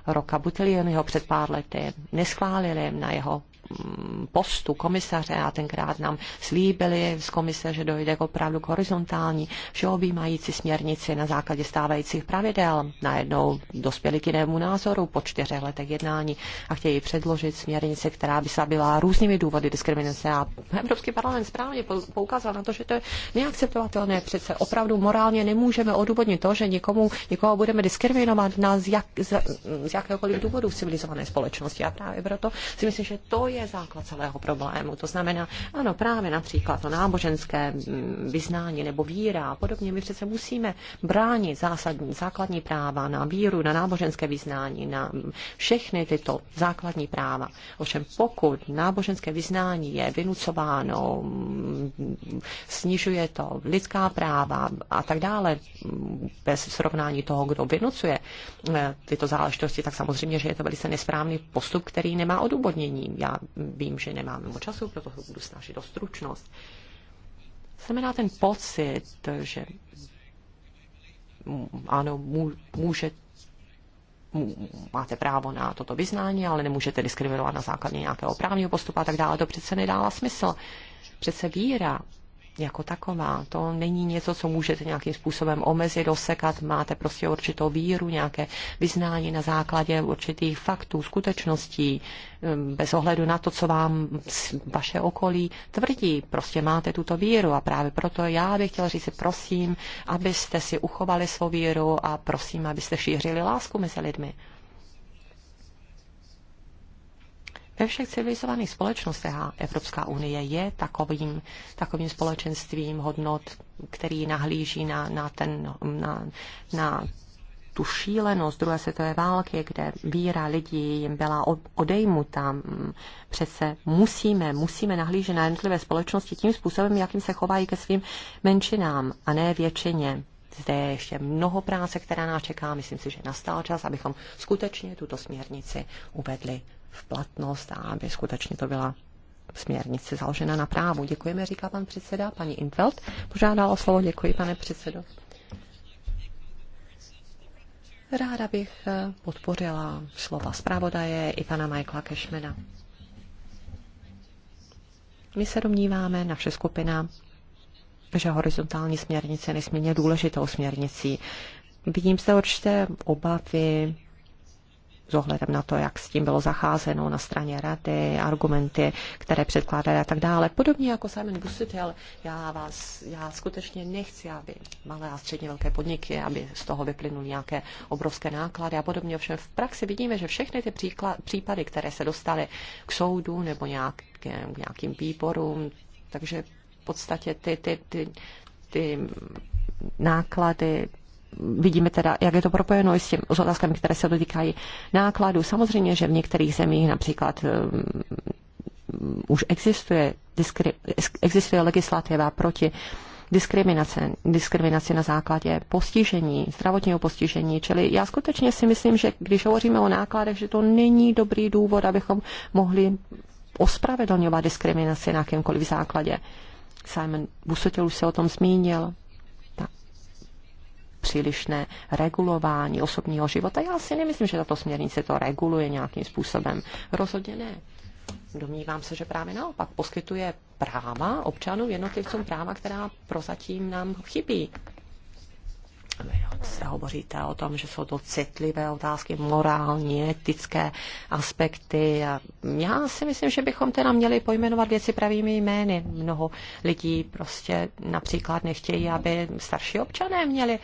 roka Butilionyho před pár lety neschválili na jeho Mm, postu komisaře a tenkrát nám slíbili z komise, že dojde k opravdu k horizontální všeobjímající směrnici na základě stávajících pravidel. Najednou dospěli k jinému názoru po čtyřech letech jednání a chtějí předložit směrnici, která by se byla různými důvody diskriminace. A Evropský parlament správně poukázal na to, že to je neakceptovatelné. Přece opravdu morálně nemůžeme odůvodnit to, že někomu, někoho budeme diskriminovat na z, jak, z, z jakéhokoliv důvodu v civilizované společnosti. A právě proto si myslím, že to je je základ celého problému. To znamená, ano, právě například to náboženské mm, vyznání nebo víra a podobně. My přece musíme bránit zásadní, základní práva na víru, na náboženské vyznání, na mm, všechny tyto základní práva. Ovšem pokud náboženské vyznání je vynucováno, mm, snižuje to lidská práva a tak dále, bez srovnání toho, kdo vynucuje eh, tyto záležitosti, tak samozřejmě, že je to velice nesprávný postup, který nemá odůvodnění. Já vím, že nemám moc času, proto se budu snažit o stručnost. Znamená ten pocit, že ano, může máte právo na toto vyznání, ale nemůžete diskriminovat na základě nějakého právního postupu a tak dále, to přece nedává smysl. Přece víra jako taková. To není něco, co můžete nějakým způsobem omezit, osekat. Máte prostě určitou víru, nějaké vyznání na základě určitých faktů, skutečností, um, bez ohledu na to, co vám vaše okolí tvrdí. Prostě máte tuto víru a právě proto já bych chtěla říct, prosím, abyste si uchovali svou víru a prosím, abyste šířili lásku mezi lidmi. Ve všech civilizovaných společnostech a Evropská unie je takovým, takovým společenstvím hodnot, který nahlíží na, na, ten, na, na tu šílenost druhé světové války, kde víra lidí jim byla odejmuta. Přece musíme, musíme nahlížet na jednotlivé společnosti tím způsobem, jakým se chovají ke svým menšinám a ne většině. Zde je ještě mnoho práce, která nás čeká. Myslím si, že nastal čas, abychom skutečně tuto směrnici uvedli v platnost a aby skutečně to byla směrnice založena na právu. Děkujeme, říká pan předseda. Paní Infeld požádala o slovo. Děkuji, pane předsedo. Ráda bych eh, podpořila slova zpravodaje i pana Michaela Kešmena. My se domníváme, naše skupina, že horizontální směrnice je nesmírně důležitou směrnicí. Vidím se určité obavy s ohledem na to, jak s tím bylo zacházeno na straně rady, argumenty, které předkládali a tak dále. Podobně jako Simon Busitel, já vás, já skutečně nechci, aby malé a středně velké podniky, aby z toho vyplynuly nějaké obrovské náklady a podobně. Ovšem v praxi vidíme, že všechny ty příklad, případy, které se dostaly k soudu nebo nějak, k nějakým výborům, takže v podstatě ty, ty, ty, ty náklady vidíme teda, jak je to propojeno s, těm, s otázkami, které se dotýkají nákladů. Samozřejmě, že v některých zemích například um, už existuje, diskri, existuje legislativa proti diskriminace, diskriminaci na základě postižení, zdravotního postižení. Čili já skutečně si myslím, že když hovoříme o nákladech, že to není dobrý důvod, abychom mohli ospravedlňovat diskriminaci na jakémkoliv základě. Simon Busotil už se o tom zmínil přílišné regulování osobního života. Já si nemyslím, že tato směrnice to reguluje nějakým způsobem. Rozhodně ne. Domnívám se, že právě naopak poskytuje práva občanům, jednotlivcům práva, která prozatím nám chybí se hovoříte o tom, že jsou to citlivé otázky, morální, etické aspekty. A já si myslím, že bychom teda měli pojmenovat věci pravými jmény. Mnoho lidí prostě například nechtějí, aby starší občané měli,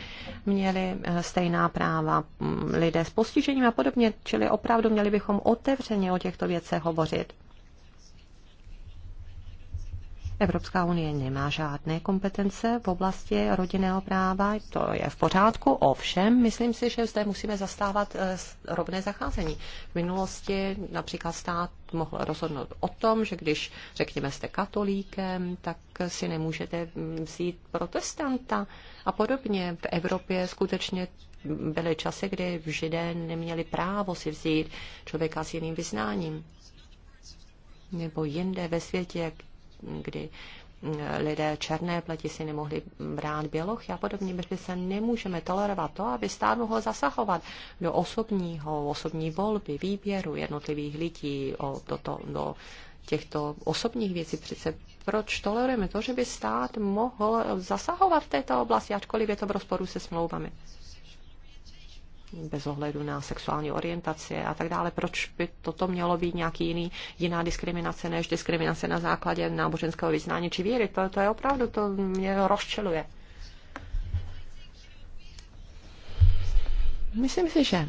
měli eh, stejná práva, hm, lidé s postižením a podobně. Čili opravdu měli bychom otevřeně o těchto věcech hovořit. Evropská unie nemá žádné kompetence v oblasti rodinného práva, to je v pořádku, ovšem myslím si, že zde musíme zastávat eh, rovné zacházení. V minulosti například stát mohl rozhodnout o tom, že když řekněme jste katolíkem, tak si nemůžete mm, vzít protestanta a podobně. V Evropě skutečně byly časy, kdy židé neměli právo si vzít člověka s jiným vyznáním. Nebo jinde ve světě, kdy mm, lidé černé pleti si nemohli brát bělochy a podobně, protože se nemůžeme tolerovat to, aby stát mohl zasahovat do osobního, osobní volby, výběru jednotlivých lidí, o toto, do těchto osobních věcí. Přece proč tolerujeme to, že by stát mohl zasahovat v této oblasti, ačkoliv je to v rozporu se smlouvami? bez ohledu na sexuální orientaci a tak dále. Proč by toto mělo být nějaký jiný, jiná diskriminace než diskriminace na základě náboženského vyznání či víry? To, to je opravdu, to mě rozčeluje. Myslím si, že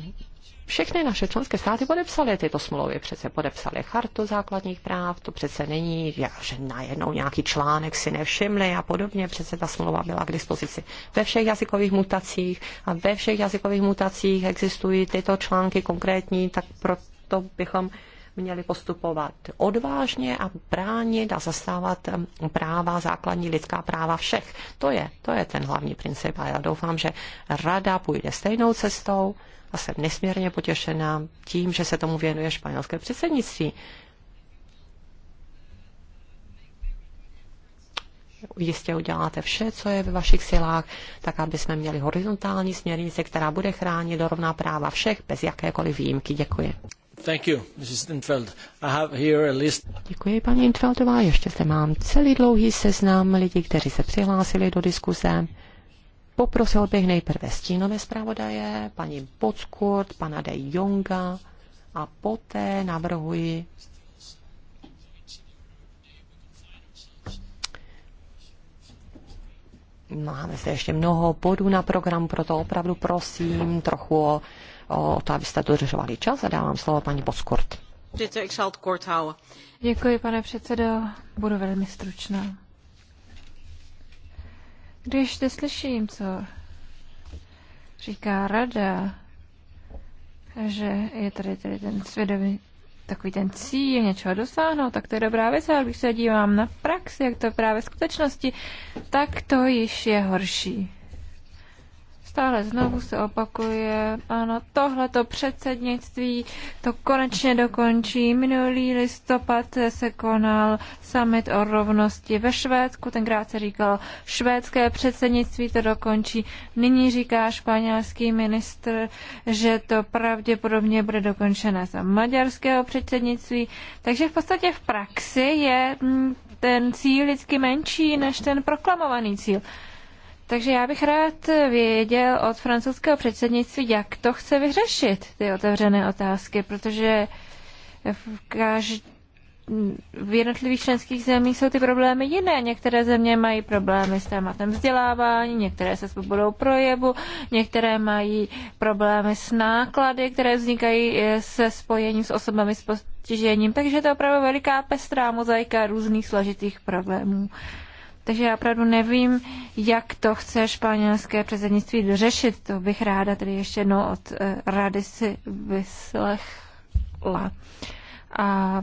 všechny naše členské státy podepsaly tyto smlouvy, přece podepsaly chartu základních práv, to přece není, že najednou nějaký článek si nevšimli a podobně, přece ta smlouva byla k dispozici ve všech jazykových mutacích a ve všech jazykových mutacích existují tyto články konkrétní, tak proto bychom měli postupovat odvážně a bránit a zastávat práva, základní lidská práva všech. To je, to je ten hlavní princip a já doufám, že rada půjde stejnou cestou a jsem nesmírně potěšená tím, že se tomu věnuje španělské předsednictví. jistě uděláte vše, co je ve vašich silách, tak aby jsme měli horizontální směrnice, která bude chránit rovná práva všech bez jakékoliv výjimky. Děkuji. Thank you, Mrs. Infeld. I have here a list. Děkuji, paní Infeldová. Ještě zde mám celý dlouhý seznam lidí, kteří se přihlásili do diskuse. Poprosil bych nejprve stínové zpravodaje, paní Podskurt, pana De Jonga a poté navrhuji Máme se ještě mnoho bodů na programu, proto opravdu prosím trochu o, o to, abyste dodržovali čas a dávám slovo paní Boskurt. Děkuji, pane předsedo. Budu velmi stručná. Když to slyším, co říká rada, že je tady, tady ten svědomí, takový ten cíl něčeho dosáhnout, tak to je dobrá věc, ale když se dívám na praxi, jak to je právě v skutečnosti, tak to již je horší. Neustále znovu se opakuje, ano, tohleto předsednictví to konečně dokončí. Minulý listopad se konal summit o rovnosti ve Švédsku, tenkrát se říkal švédské předsednictví to dokončí. Nyní říká španělský ministr, že to pravděpodobně bude dokončené za maďarského předsednictví. Takže v podstatě v praxi je mm, ten cíl vždycky menší než ten proklamovaný cíl. Takže já bych rád věděl od francouzského předsednictví, jak to chce vyřešit, ty otevřené otázky, protože v, každ... v jednotlivých členských zemích jsou ty problémy jiné. Některé země mají problémy s tématem vzdělávání, některé se svobodou projevu, některé mají problémy s náklady, které vznikají eh, se spojením s osobami s postižením. Takže to je opravdu veliká pestrá mozaika různých složitých problémů. Takže já opravdu nevím, jak to chce španělské předsednictví dořešit. To bych ráda tedy ještě jednou od eh, rady si vyslechla. A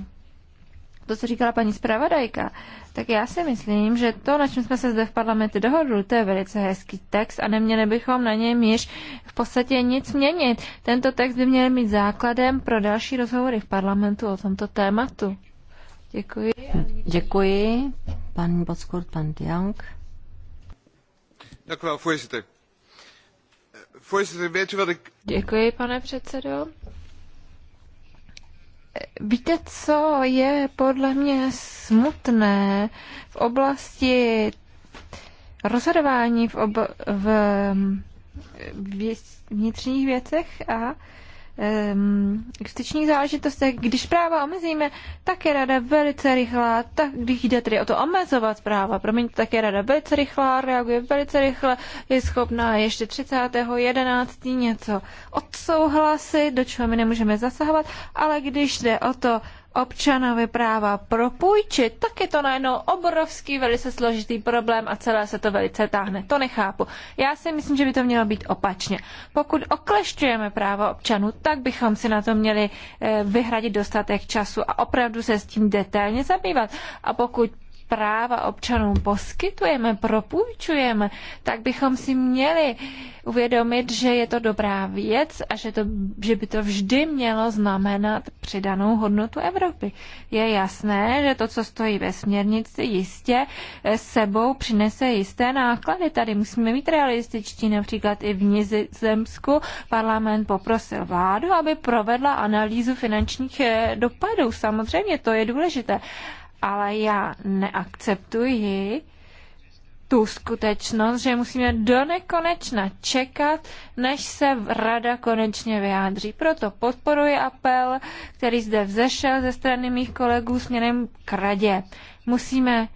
to, co říkala paní zpravodajka, tak já si myslím, že to, na čem jsme se zde v parlamentu dohodli, to je velice hezký text a neměli bychom na něm již v podstatě nic měnit. Tento text by měl být základem pro další rozhovory v parlamentu o tomto tématu. Děkuji. Děkuji. Děkuji, pane předsedo. Víte, co je podle mě smutné v oblasti rozhodování v, ob- v mm, vnitřních věcech a styčních záležitostech, když práva omezíme, tak je rada velice rychlá, tak když jde tedy o to omezovat práva, promiňte, tak je rada velice rychlá, reaguje velice rychle, je schopná ještě 30.11. něco odsouhlasit, do čeho my nemůžeme zasahovat, ale když jde o to občanovi práva propůjčit, tak je to najednou obrovský, velice složitý problém a celé se to velice táhne. To nechápu. Já si myslím, že by to mělo být opačně. Pokud oklešťujeme práva občanů, tak bychom si na to měli eh, vyhradit dostatek času a opravdu se s tím detailně zabývat. A pokud práva občanům poskytujeme, propůjčujeme, tak bychom si měli uvědomit, že je to dobrá věc a že, to, že by to vždy mělo znamenat přidanou hodnotu Evropy. Je jasné, že to, co stojí ve směrnici, jistě sebou přinese jisté náklady. Tady musíme být realističtí, například i v Nizozemsku parlament poprosil vládu, aby provedla analýzu finančních dopadů. Samozřejmě to je důležité ale já neakceptuji tu skutečnost, že musíme do nekonečna čekat, než se rada konečně vyjádří. Proto podporuji apel, který zde vzešel ze strany mých kolegů směrem k radě. Musíme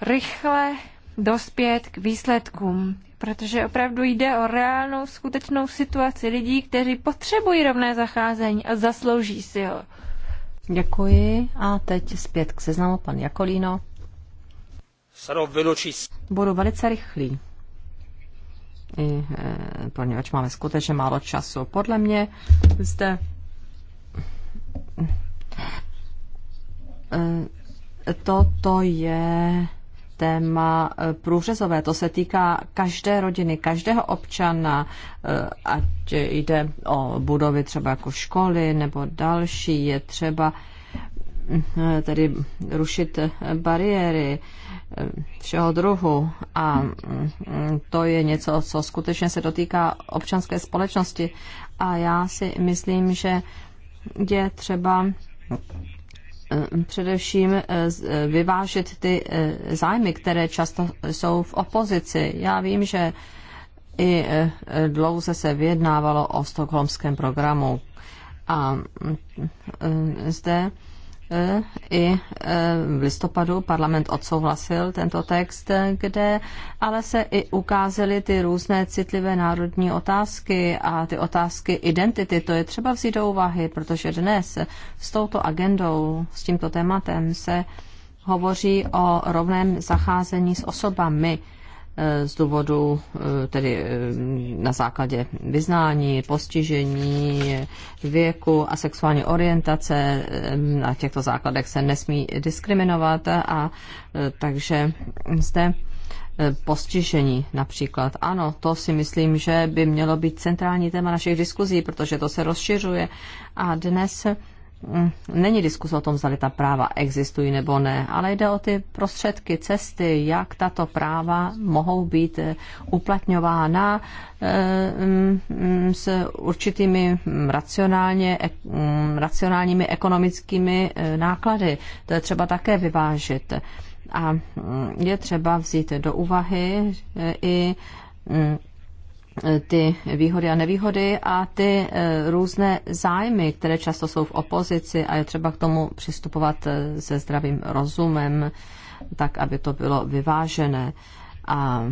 rychle dospět k výsledkům, protože opravdu jde o reálnou, skutečnou situaci lidí, kteří potřebují rovné zacházení a zaslouží si ho. Děkuji a teď zpět k seznamu pan Jakolíno. Budu velice rychlý. I, e, poněvadž máme skutečně málo času. Podle mě zde e, toto je téma eh, průřezové. To se týká každé rodiny, každého občana, eh, ať jde o budovy třeba jako školy nebo další. Je třeba eh, tedy rušit bariéry všeho druhu a mm, to je něco, co skutečně se dotýká občanské společnosti a já si myslím, že je třeba Eh, především eh, eh, vyvážit ty zájmy, které často jsou v opozici. Já vím, že i dlouze se vyjednávalo o stokholmském programu. A mm, zde i e, v listopadu parlament odsouhlasil tento text, kde ale se i ukázaly ty různé citlivé národní otázky a ty otázky identity. To je třeba vzít do úvahy, protože dnes s touto agendou, s tímto tématem se hovoří o rovném zacházení s osobami z důvodu, eh, tedy eh, na základě vyznání, postižení, věku a sexuální orientace. Eh, na těchto základech se nesmí diskriminovat a takže zde postižení například. Ano, to si myslím, že by mělo být centrální téma našich diskuzí, protože to se rozšiřuje a dnes Mm, není diskuse o tom, zda ta práva existují nebo ne, ale jde o ty prostředky, cesty, jak tato práva mohou být eh, uplatňována eh, mm, s určitými mm, racionálně, racionálními ekonomickými eh, náklady. To je třeba také vyvážit. A je třeba vzít do úvahy i ty výhody a nevýhody a ty eh, různé zájmy, které často jsou v opozici a je třeba k tomu přistupovat eh, se zdravým rozumem, tak aby to bylo vyvážené. A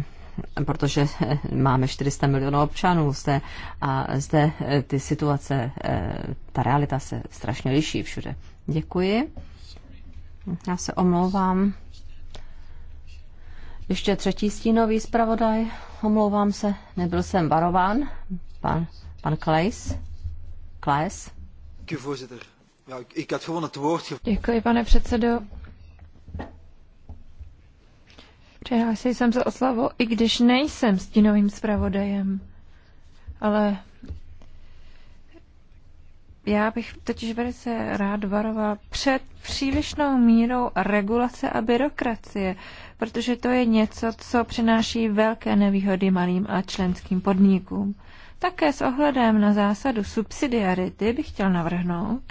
protože eh, máme 400 milionů občanů zde a zde ty situace, ta realita se strašně liší všude. Děkuji. Já se omlouvám. Ještě třetí stínový zpravodaj, omlouvám se, nebyl jsem varován, pan, pan Klejs. Klejs. Děkuji, pane předsedo. Přihlásil jsem se o i když nejsem stínovým zpravodajem. Ale já bych totiž velice rád varoval před přílišnou mírou regulace a byrokracie protože to je něco, co přináší velké nevýhody malým a členským podnikům. Také s ohledem na zásadu subsidiarity bych chtěl navrhnout,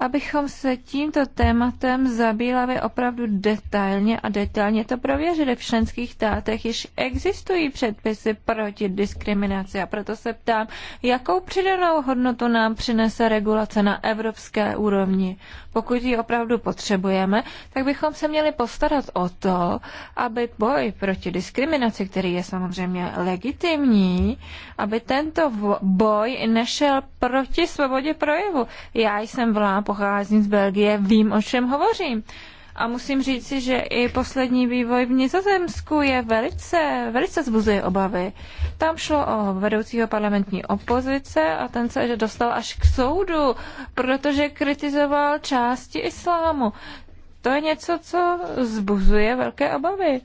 abychom se tímto tématem zabývali opravdu detailně a detailně to prověřili. V členských státech již existují předpisy proti diskriminaci a proto se ptám, jakou přidanou hodnotu nám přinese regulace na evropské úrovni. Pokud ji opravdu potřebujeme, tak bychom se měli postarat o to, aby boj proti diskriminaci, který je samozřejmě legitimní, aby tento boj nešel proti svobodě projevu. Já jsem vlá pocházím z Belgie, vím, o čem hovořím. A musím říci, že i poslední vývoj v Nizozemsku je velice, velice zbuzuje obavy. Tam šlo o vedoucího parlamentní opozice a ten se dostal až k soudu, protože kritizoval části islámu. To je něco, co zbuzuje velké obavy.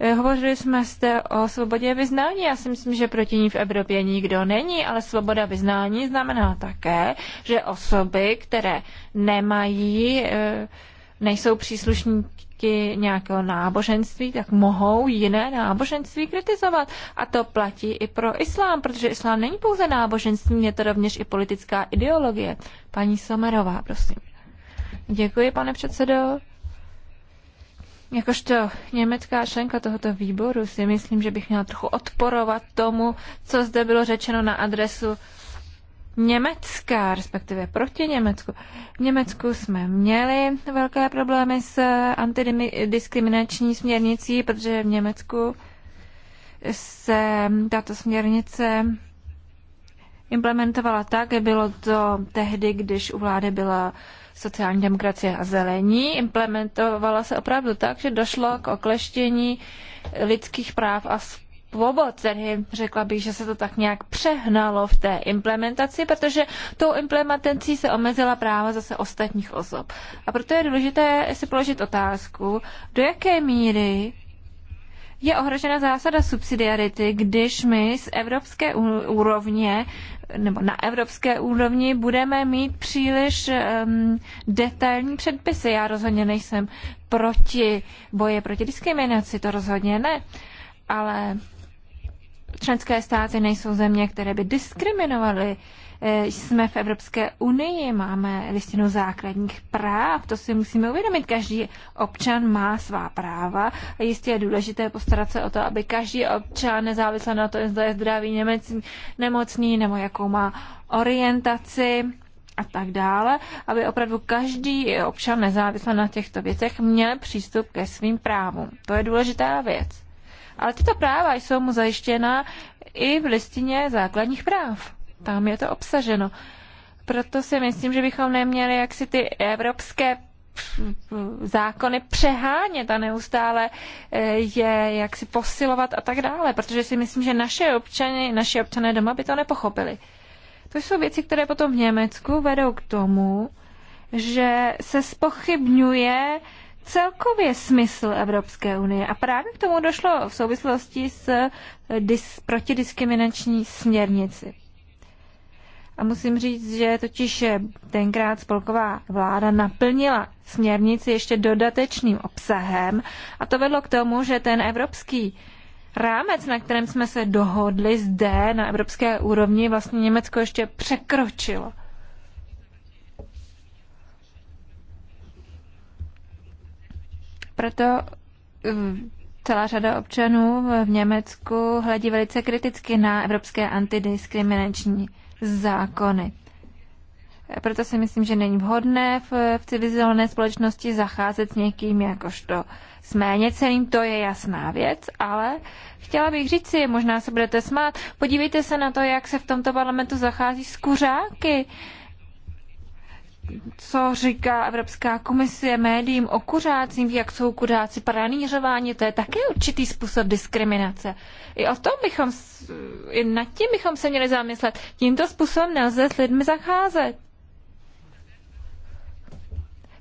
Eh, hovořili jsme zde o svobodě vyznání. Já si myslím, že proti ní v Evropě nikdo není, ale svoboda vyznání znamená také, že osoby, které nemají, eh, nejsou příslušníky nějakého náboženství, tak mohou jiné náboženství kritizovat. A to platí i pro islám, protože islám není pouze náboženství, je to rovněž i politická ideologie. Paní Somerová, prosím. Děkuji, pane předsedo. Jakožto německá členka tohoto výboru si myslím, že bych měla trochu odporovat tomu, co zde bylo řečeno na adresu Německa, respektive proti Německu. V Německu jsme měli velké problémy s antidiskriminační směrnicí, protože v Německu se tato směrnice implementovala tak, bylo to tehdy, když u vlády byla sociální demokracie a zelení, implementovala se opravdu tak, že došlo k okleštění lidských práv a svobod, tedy řekla bych, že se to tak nějak přehnalo v té implementaci, protože tou implementací se omezila práva zase ostatních osob. A proto je důležité si položit otázku, do jaké míry je ohrožena zásada subsidiarity, když my z evropské úrovně nebo na evropské úrovni budeme mít příliš um, detailní předpisy. Já rozhodně nejsem proti boje proti diskriminaci, to rozhodně ne, ale členské státy nejsou země, které by diskriminovaly uh, Eh, jsme v Evropské unii, máme listinu základních práv, to si musíme uvědomit. Každý občan má svá práva a jistě je důležité postarat se o to, aby každý občan, nezávisle na to, zda je zdravý nemocný nebo jakou má orientaci, a tak dále, aby opravdu každý občan nezávisle na těchto věcech měl přístup ke svým právům. To je důležitá věc. Ale tyto práva jsou mu zajištěna i v listině základních práv. Tam je to obsaženo. Proto si myslím, že bychom neměli jaksi ty evropské zákony přehánět a neustále eh, je jak si posilovat a tak dále, protože si myslím, že naše občany, naše občané doma by to nepochopili. To jsou věci, které potom v Německu vedou k tomu, že se spochybňuje celkově smysl Evropské unie. A právě k tomu došlo v souvislosti s eh, dis- protidiskriminační směrnici. A musím říct, že totiž eh, tenkrát spolková vláda naplnila směrnici ještě dodatečným obsahem a to vedlo k tomu, že ten evropský rámec, na kterém jsme se dohodli zde na evropské úrovni, vlastně Německo ještě překročilo. Proto eh, celá řada občanů v Německu hledí velice kriticky na evropské antidiskriminační zákony. Proto si myslím, že není vhodné v, v civilizované společnosti zacházet s někým jakožto s méně ceným, to je jasná věc, ale chtěla bych říct si, možná se budete smát, podívejte se na to, jak se v tomto parlamentu zachází s kuřáky co říká Evropská komise médiím o kuřácím, jak jsou kuřáci pranířováni, to je také určitý způsob diskriminace. I o tom bychom, i nad tím bychom se měli zamyslet. Tímto způsobem nelze s lidmi zacházet.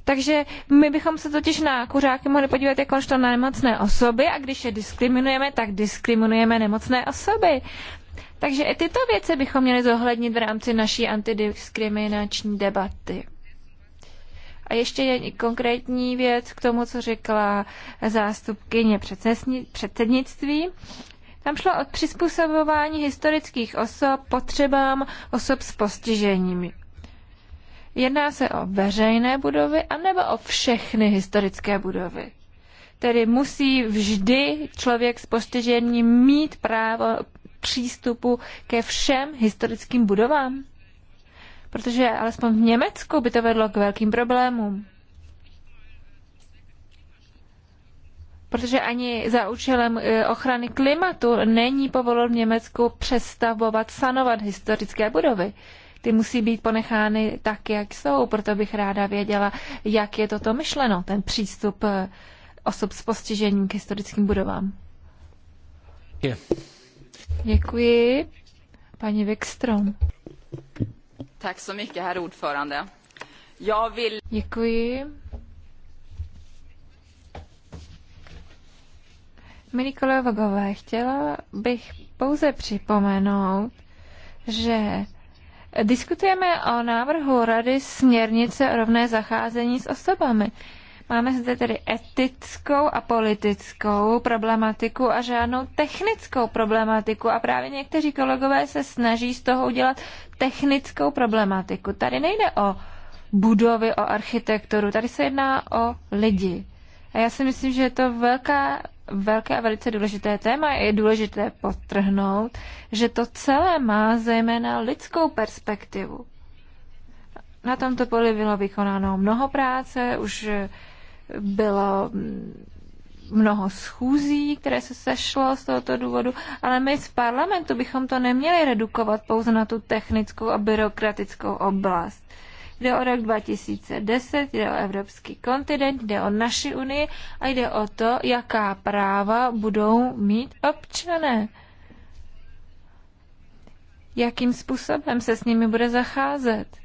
Takže my bychom se totiž na kuřáky mohli podívat jakož to na nemocné osoby a když je diskriminujeme, tak diskriminujeme nemocné osoby. Takže i tyto věci bychom měli zohlednit v rámci naší antidiskriminační debaty. A ještě je konkrétní věc k tomu, co řekla zástupkyně předsednictví. Tam šlo o přizpůsobování historických osob potřebám osob s postižením. Jedná se o veřejné budovy anebo o všechny historické budovy. Tedy musí vždy člověk s postižením mít právo přístupu ke všem historickým budovám? protože alespoň v Německu by to vedlo k velkým problémům. protože ani za účelem e, ochrany klimatu není povoleno v Německu přestavovat, sanovat historické budovy. Ty musí být ponechány tak, jak jsou, proto bych ráda věděla, jak je toto myšleno, ten přístup e, osob s postižením k historickým budovám. Je. Děkuji. Paní Wikstrom. Děkuji. Milí kolegové, chtěla bych pouze připomenout, že diskutujeme o návrhu Rady směrnice o rovné zacházení s osobami. Máme zde tedy etickou a politickou problematiku a žádnou technickou problematiku. A právě někteří kolegové se snaží z toho udělat technickou problematiku. Tady nejde o budovy, o architekturu, tady se jedná o lidi. A já si myslím, že je to velká, velké a velice důležité téma. Je důležité potrhnout, že to celé má zejména lidskou perspektivu. Na tomto poli bylo vykonáno mnoho práce, už bylo mnoho schůzí, které se sešlo z tohoto důvodu, ale my z parlamentu bychom to neměli redukovat pouze na tu technickou a byrokratickou oblast. Jde o rok 2010, jde o evropský kontinent, jde o naši unii a jde o to, jaká práva budou mít občané. Jakým způsobem se s nimi bude zacházet.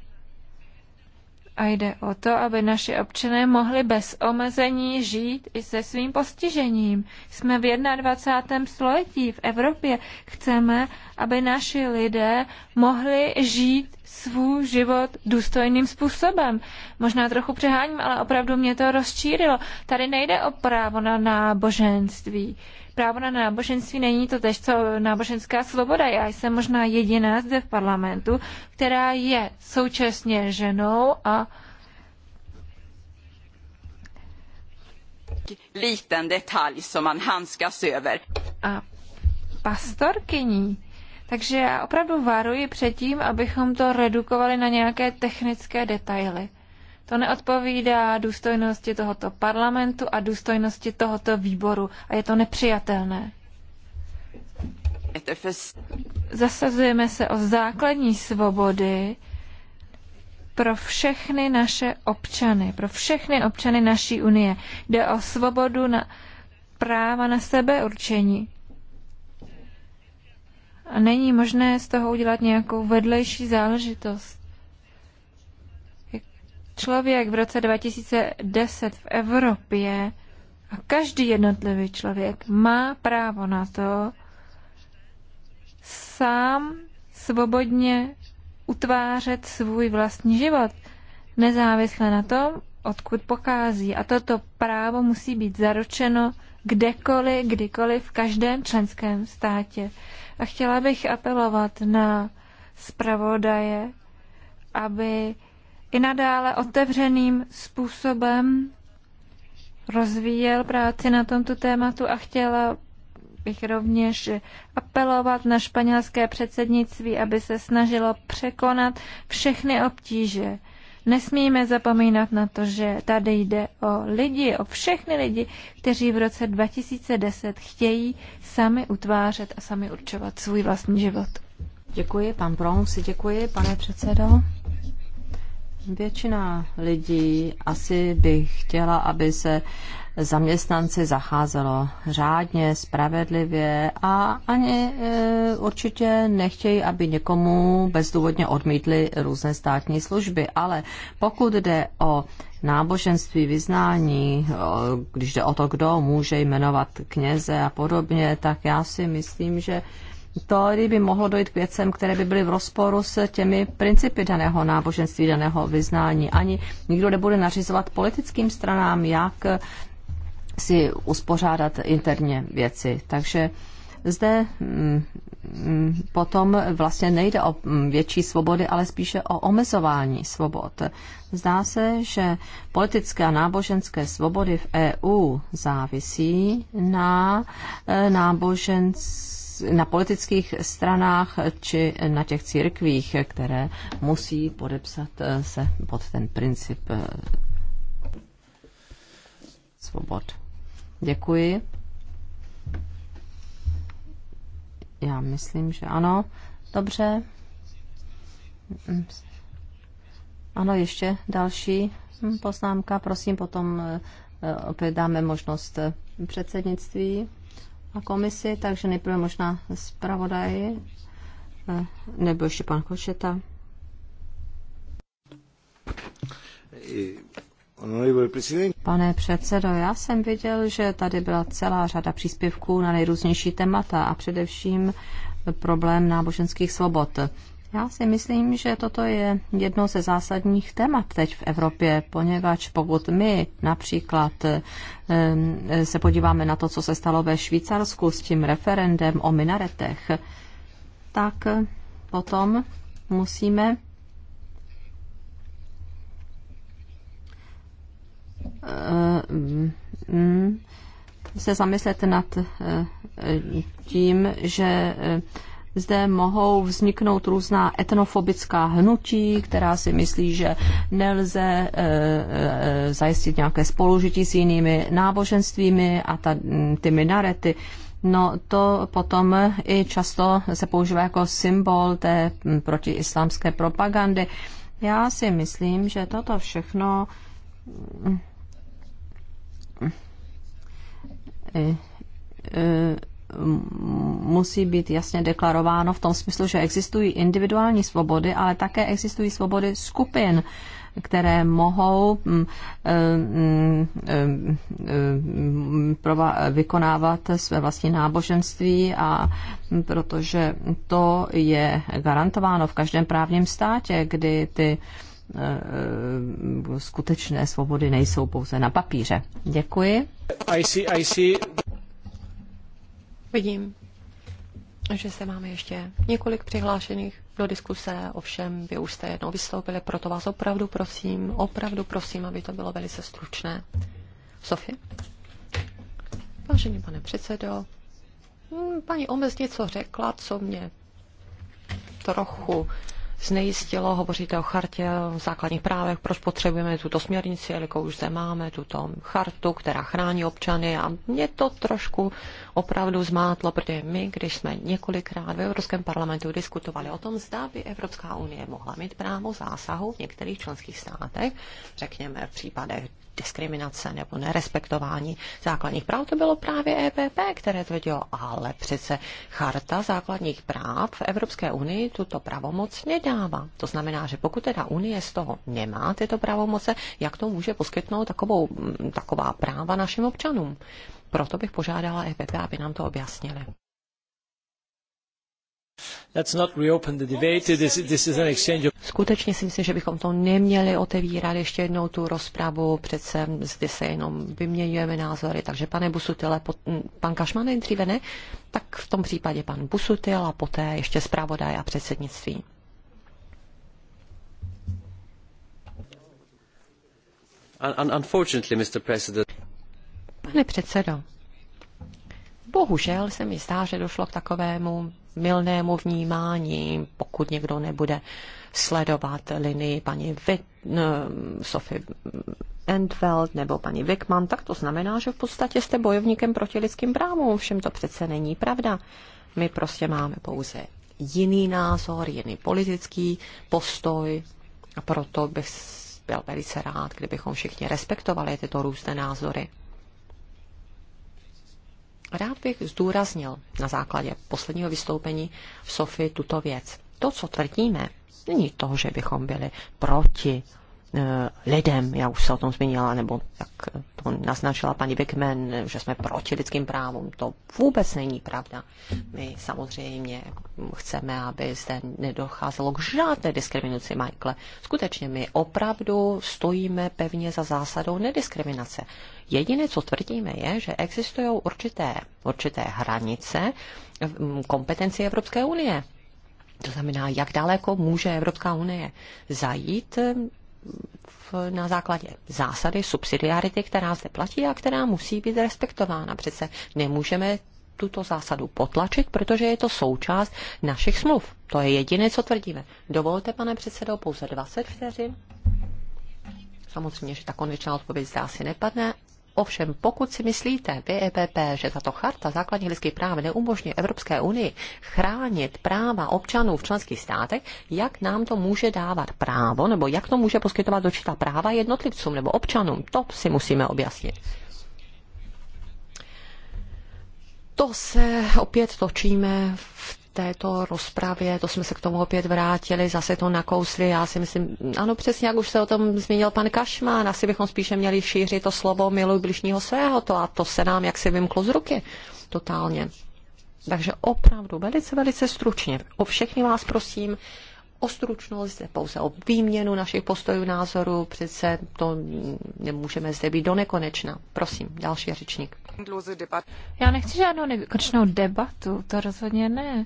A jde o to, aby naši občané mohli bez omezení žít i se svým postižením. Jsme v 21. století v Evropě. Chceme, aby naši lidé mohli žít svůj život důstojným způsobem. Možná trochu přeháním, ale opravdu mě to rozčírilo. Tady nejde o právo na náboženství. Právo na náboženství není to tež, co náboženská svoboda. Já jsem možná jediná zde v parlamentu, která je současně ženou a liten detalj som man handskas över. A pastorkyní takže já opravdu varuji před tím, abychom to redukovali na nějaké technické detaily. To neodpovídá důstojnosti tohoto parlamentu a důstojnosti tohoto výboru a je to nepřijatelné. Zasazujeme se o základní svobody pro všechny naše občany, pro všechny občany naší unie. Jde o svobodu na práva na sebeurčení, a není možné z toho udělat nějakou vedlejší záležitost. Člověk v roce 2010 v Evropě a každý jednotlivý člověk má právo na to sám svobodně utvářet svůj vlastní život, nezávisle na tom, odkud pochází. A toto právo musí být zaručeno kdekoliv, kdykoliv, v každém členském státě. A chtěla bych apelovat na zpravodaje, aby i nadále otevřeným způsobem rozvíjel práci na tomto tématu a chtěla bych rovněž apelovat na španělské předsednictví, aby se snažilo překonat všechny obtíže, Nesmíme zapomínat na to, že tady jde o lidi, o všechny lidi, kteří v roce 2010 chtějí sami utvářet a sami určovat svůj vlastní život. Děkuji, pan Brown si děkuji, pane předsedo. Většina lidí asi by chtěla, aby se zaměstnanci zacházelo řádně, spravedlivě a ani e, určitě nechtějí, aby někomu bezdůvodně odmítli různé státní služby. Ale pokud jde o náboženství, vyznání, když jde o to, kdo může jmenovat kněze a podobně, tak já si myslím, že to by mohlo dojít k věcem, které by byly v rozporu s těmi principy daného náboženství, daného vyznání. Ani nikdo nebude nařizovat politickým stranám, jak si uspořádat interně věci. Takže zde mm, mm, potom vlastně nejde o mm, větší svobody, ale spíše o omezování svobod. Zdá se, že politické a náboženské svobody v EU závisí na e, náboženské na politických stranách či na těch církvích, které musí podepsat e, se pod ten princip e, svobod. Děkuji. Já myslím, že ano. Dobře. Ano, ještě další poznámka. Prosím, potom eh, opět dáme možnost eh, předsednictví a komisi, takže nejprve možná zpravodaj eh, nebo ještě pan Košeta. Pane předsedo, já jsem viděl, že tady byla celá řada příspěvků na nejrůznější témata a především problém náboženských svobod. Já si myslím, že toto je jedno ze zásadních témat teď v Evropě, poněvadž pokud my například se podíváme na to, co se stalo ve Švýcarsku s tím referendem o minaretech, tak potom musíme Eh, mm, se zamyslet nad eh, tím, že eh, zde mohou vzniknout různá etnofobická hnutí, která si myslí, že nelze zajistit nějaké spolužití s jinými náboženstvími a ta, mm, ty minarety. No to potom i často se používá jako symbol té mm, protiislámské propagandy. Já si myslím, že toto všechno E, e, musí být jasně deklarováno v tom smyslu, že existují individuální svobody, ale také existují svobody skupin, které mohou mm, e, mm, mm, vykonávat své vlastní náboženství a protože to je garantováno v každém právním státě, kdy ty Eh, eh, skutečné svobody nejsou pouze na papíře. Děkuji. I see, I see. Vidím, že se máme ještě několik přihlášených do diskuse, ovšem vy už jste jednou vystoupili, proto vás opravdu prosím, opravdu prosím, aby to bylo velice stručné. Sofie? Vážený pane předsedo, hm, paní Omez něco řekla, co mě trochu znejistilo. Hovoříte o chartě o základních právech, proč potřebujeme tuto směrnici, jelikož už zde máme tuto chartu, která chrání občany a mě to trošku opravdu zmátlo, protože my, když jsme několikrát v Evropském parlamentu diskutovali o tom, zda by Evropská unie mohla mít právo zásahu v některých členských státech, řekněme v případech diskriminace nebo nerespektování základních práv, to bylo právě EPP, které tvrdilo, ale přece charta základních práv v Evropské unii tuto pravomoc nedává. To znamená, že pokud teda Unie z toho nemá tyto pravomoce, jak to může poskytnout takovou, taková práva našim občanům? Proto bych požádala EPP, aby nám to objasnili. Let's not reopen the debate. This, this is an exchange of... Skutečně si myslím, že bychom to neměli otevírat ještě jednou tu rozpravu, přece zde se jenom vyměňujeme názory, takže pane Busutile, pan Kašman nejdříve ne, tak v tom případě pan Busutil a poté ještě zpravodaj a předsednictví. unfortunately, Mr. President. Pane předsedo, bohužel se mi zdá, že došlo k takovému milnému vnímání, pokud někdo nebude sledovat linii paní eh, Sofy Entfeld nebo paní Wickman, tak to znamená, že v podstatě jste bojovníkem proti lidským právům. Všem to přece není pravda. My prostě máme pouze jiný názor, jiný politický postoj a proto bych byl velice rád, kdybychom všichni respektovali tyto různé názory. Rád bych zdůraznil na základě posledního vystoupení v Sofii tuto věc. To, co tvrdíme, není to, že bychom byli proti eh, lidem, já už se o tom zmínila, nebo jak to naznačila paní Bickman, že jsme proti lidským právům. To vůbec není pravda. My samozřejmě chceme, aby zde nedocházelo k žádné diskriminaci, Michael. Skutečně my opravdu stojíme pevně za zásadou nediskriminace. Jediné, co tvrdíme, je, že existují určité, určité hranice mm, kompetenci Evropské unie. To znamená, jak daleko může Evropská unie zajít mm, v, na základě zásady subsidiarity, která zde platí a která musí být respektována. Přece nemůžeme tuto zásadu potlačit, protože je to součást našich smluv. To je jediné, co tvrdíme. Dovolte, pane předsedo, pouze 20 vteřin. Samozřejmě, že ta konečná odpověď zde asi nepadne, Ovšem, pokud si myslíte, vy EPP, že tato charta základních lidských práv neumožňuje Evropské unii chránit práva občanů v členských státech, jak nám to může dávat právo, nebo jak to může poskytovat určitá práva jednotlivcům nebo občanům, to si musíme objasnit. To se opět točíme v této rozpravě, to jsme se k tomu opět vrátili, zase to nakousli. Já si myslím, ano, přesně jak už se o tom zmínil pan Kašmán, asi bychom spíše měli šířit to slovo miluj bližního svého, to a to se nám jaksi vymklo z ruky totálně. Takže opravdu velice, velice stručně. O všechny vás prosím, o stručnost, pouze o výměnu našich postojů, názorů, přece to nemůžeme zde být do nekonečna. Prosím, další řečník. Já nechci žádnou nekonečnou debatu, to rozhodně ne.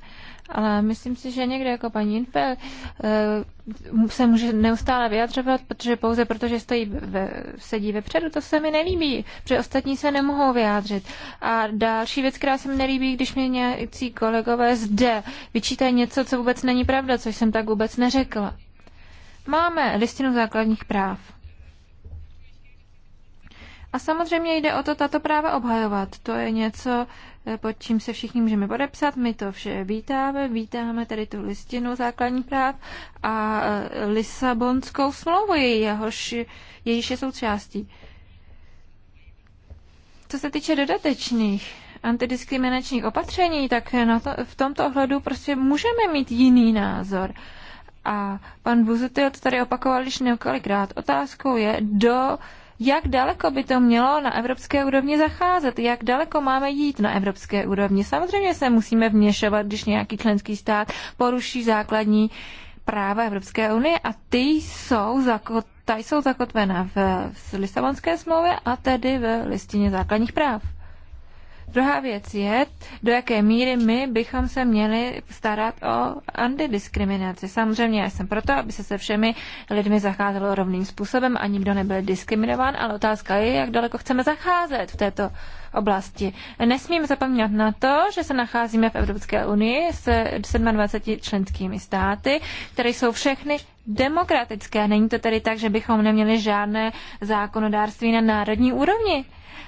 Ale myslím si, že někde jako paní Infel eh, se může neustále vyjadřovat, protože pouze proto, že stojí ve, sedí vepředu, to se mi nelíbí, protože ostatní se nemohou vyjádřit. A další věc, která se mi nelíbí, když mě nějací kolegové zde vyčítají něco, co vůbec není pravda, což jsem tak vůbec neřekla. Máme listinu základních práv. A samozřejmě jde o to tato práva obhajovat. To je něco, eh, pod čím se všichni můžeme podepsat. My to vše vítáme. Vítáme tady tu listinu základní práv a eh, Lisabonskou smlouvu, jehož, jejíž je součástí. Co se týče dodatečných antidiskriminačních opatření, tak na to, v tomto ohledu prostě můžeme mít jiný názor. A pan Buzutil to tady opakoval již několikrát. Otázkou je, do jak daleko by to mělo na evropské úrovni zacházet, jak daleko máme jít na evropské úrovni. Samozřejmě se musíme vměšovat, když nějaký členský stát poruší základní práva Evropské unie a ty jsou, zakot, ta jsou zakotvena v, v Lisabonské smlouvě a tedy v listině základních práv. Druhá věc je, do jaké míry my bychom se měli starat o antidiskriminaci. Samozřejmě já jsem proto, aby se se všemi lidmi zacházelo rovným způsobem a nikdo nebyl diskriminován, ale otázka je, jak daleko chceme zacházet v této oblasti. Nesmíme zapomínat na to, že se nacházíme v Evropské unii s 27 členskými státy, které jsou všechny demokratické. Není to tedy tak, že bychom neměli žádné zákonodárství na národní úrovni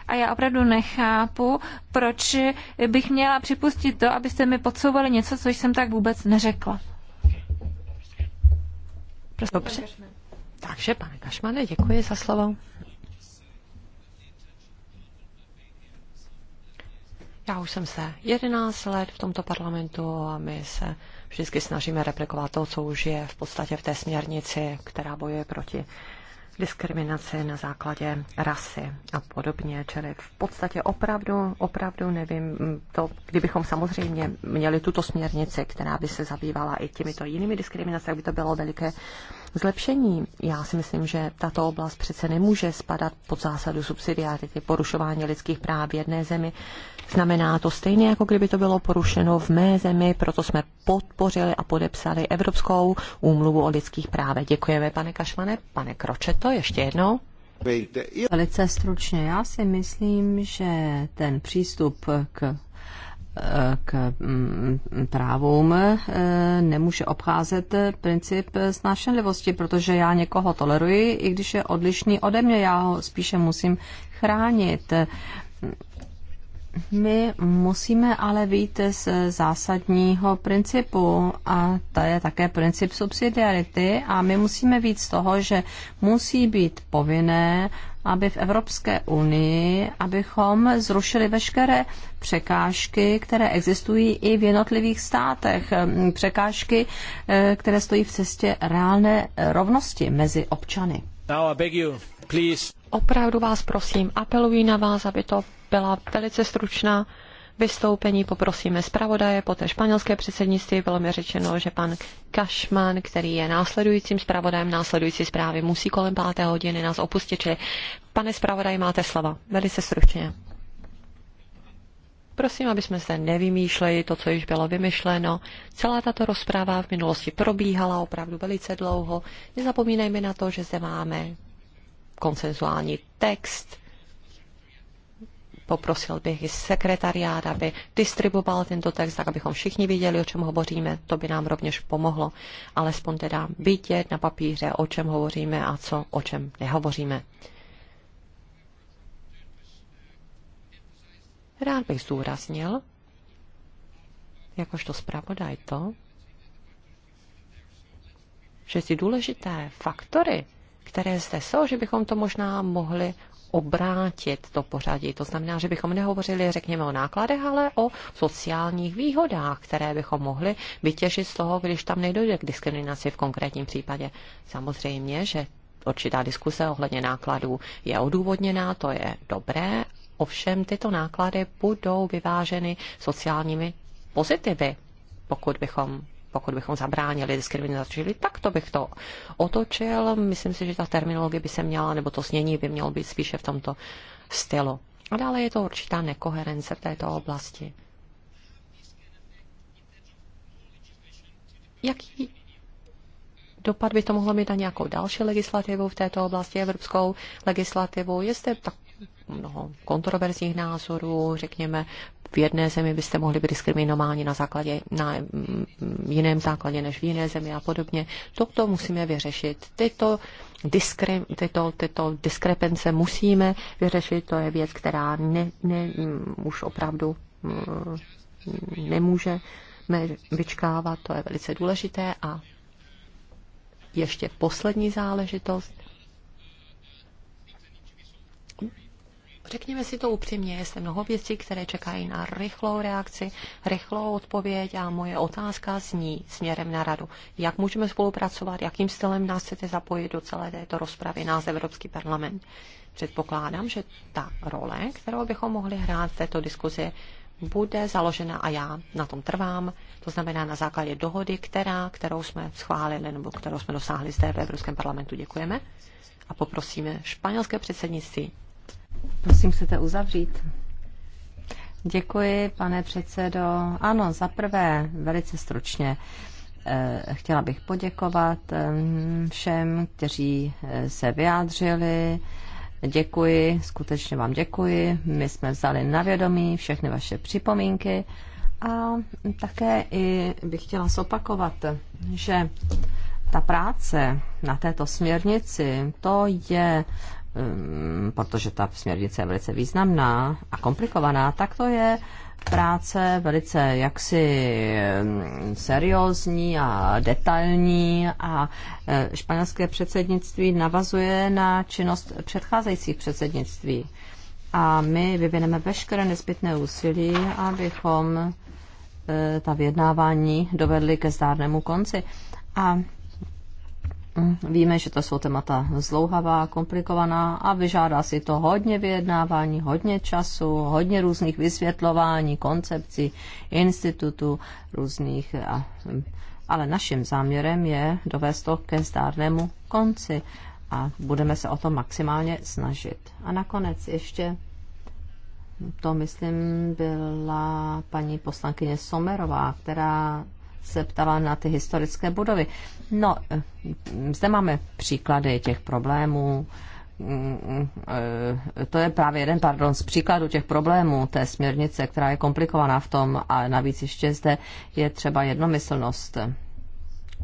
a já opravdu nechápu, proč bych měla připustit to, abyste mi podsouvali něco, co jsem tak vůbec neřekla. Prostě. Dobře. Takže, pane Kašmane, děkuji za slovo. Já už jsem se 11 let v tomto parlamentu a my se vždycky snažíme replikovat to, co už je v podstatě v té směrnici, která bojuje proti diskriminace na základě rasy a podobně. Čili v podstatě opravdu, opravdu nevím, mm, to, kdybychom samozřejmě měli tuto směrnici, která by se zabývala i těmito jinými diskriminacemi, by to bylo veliké zlepšení. Já si myslím, že tato oblast přece nemůže spadat pod zásadu subsidiarity. Porušování lidských práv v jedné zemi znamená to stejně, jako kdyby to bylo porušeno v mé zemi, proto jsme podpořili a podepsali Evropskou úmluvu o lidských právech. Děkujeme, pane Kašmane. Pane Kročeto, ještě jednou. Velice stručně, já si myslím, že ten přístup k k mm, právům e, nemůže obcházet princip snášenlivosti, protože já někoho toleruji, i když je odlišný ode mě, já ho spíše musím chránit my musíme ale být z zásadního principu a to je také princip subsidiarity a my musíme víc z toho, že musí být povinné, aby v Evropské unii, abychom zrušili veškeré překážky, které existují i v jednotlivých státech. Překážky, eh, které stojí v cestě reálné rovnosti mezi občany. Now I beg you. Opravdu vás prosím, apeluji na vás, aby to byla velice stručná vystoupení. Poprosíme zpravodaje, poté španělské předsednictví. Bylo mi řečeno, že pan Kašman, který je následujícím zpravodajem následující zprávy, musí kolem páté hodiny nás opustit. Čili, pane zpravodaj, máte slova. Velice stručně. Prosím, aby jsme se nevymýšleli to, co již bylo vymyšleno. Celá tato rozpráva v minulosti probíhala opravdu velice dlouho. Nezapomínejme na to, že zde máme konsenzuální text. Poprosil bych i sekretariát, aby distribuoval tento text, tak abychom všichni viděli, o čem hovoříme. To by nám rovněž pomohlo, alespoň teda vidět na papíře, o čem hovoříme a co, o čem nehovoříme. Rád bych zdůraznil, jakožto zpravodaj to, že si důležité faktory, které zde jsou, že bychom to možná mohli obrátit to pořadí. To znamená, že bychom nehovořili, řekněme, o nákladech, ale o sociálních výhodách, které bychom mohli vytěžit z toho, když tam nedojde k diskriminaci v konkrétním případě. Samozřejmě, že určitá diskuse ohledně nákladů je odůvodněná, to je dobré, ovšem tyto náklady budou vyváženy sociálními pozitivy, pokud bychom pokud bychom zabránili diskriminaci, tak to bych to otočil. Myslím si, že ta terminologie by se měla, nebo to snění by mělo být spíše v tomto stylu. A dále je to určitá nekoherence v této oblasti. Jaký dopad by to mohlo mít na nějakou další legislativu v této oblasti, evropskou legislativu? Je zde tak mnoho kontroverzních názorů, řekněme, v jedné zemi byste mohli být diskriminováni na základě, na mm, jiném základě než v jiné zemi a podobně. Toto musíme vyřešit. Tyto, diskre, tyto, tyto diskrepence musíme vyřešit. To je věc, která ne, ne, mm, už opravdu mm, nemůže vyčkávat. To je velice důležité. A ještě poslední záležitost Řekněme si to upřímně, je zde mnoho věcí, které čekají na rychlou reakci, rychlou odpověď a moje otázka zní směrem na radu. Jak můžeme spolupracovat, jakým stylem nás chcete zapojit do celé této rozpravy, nás Evropský parlament? Předpokládám, že ta role, kterou bychom mohli hrát v této diskuzi, bude založena a já na tom trvám, to znamená na základě dohody, která, kterou jsme schválili nebo kterou jsme dosáhli zde v Evropském parlamentu. Děkujeme a poprosíme španělské předsednictví Prosím, chcete uzavřít? Děkuji, pane předsedo. Ano, za prvé, velice stručně. Eh, chtěla bych poděkovat eh, všem, kteří eh, se vyjádřili. Děkuji, skutečně vám děkuji. My jsme vzali na vědomí všechny vaše připomínky a také i bych chtěla zopakovat, že ta práce na této směrnici, to je Ehm, protože ta směrnice je velice významná a komplikovaná, tak to je práce velice jaksi ehm, seriózní a detailní a eh, španělské předsednictví navazuje na činnost předcházejících předsednictví. A my vyvineme veškeré nezbytné úsilí, abychom eh, ta vyjednávání dovedli ke zdárnému konci. A Mm, víme, že to jsou témata zlouhavá, komplikovaná a vyžádá si to hodně vyjednávání, hodně času, hodně různých vysvětlování, koncepcí, institutů různých. A, ale naším záměrem je dovést to ke zdárnému konci a budeme se o to maximálně snažit. A nakonec ještě to, myslím, byla paní poslankyně Somerová, která se ptala na ty historické budovy. No, eh, zde máme příklady těch problémů. Eh, to je právě jeden, pardon, z příkladů těch problémů té směrnice, která je komplikovaná v tom a navíc ještě zde je třeba jednomyslnost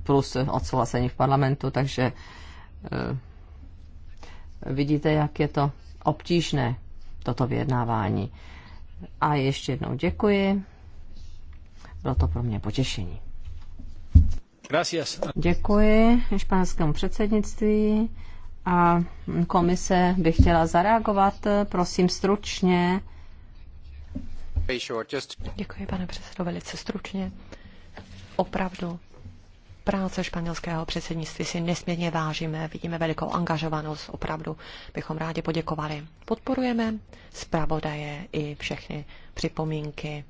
plus odsouhlasení v parlamentu, takže eh, vidíte, jak je to obtížné, toto vyjednávání. A ještě jednou děkuji. Bylo to pro mě potěšení. Gracias. Děkuji španělskému předsednictví a komise by chtěla zareagovat, prosím stručně. Děkuji, pane předsedo, velice stručně. Opravdu práce španělského předsednictví si nesmírně vážíme, vidíme velikou angažovanost, opravdu bychom rádi poděkovali. Podporujeme zpravodaje i všechny připomínky,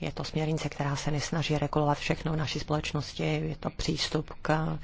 je to směrnice, která se nesnaží regulovat všechno v naší společnosti, je to přístup k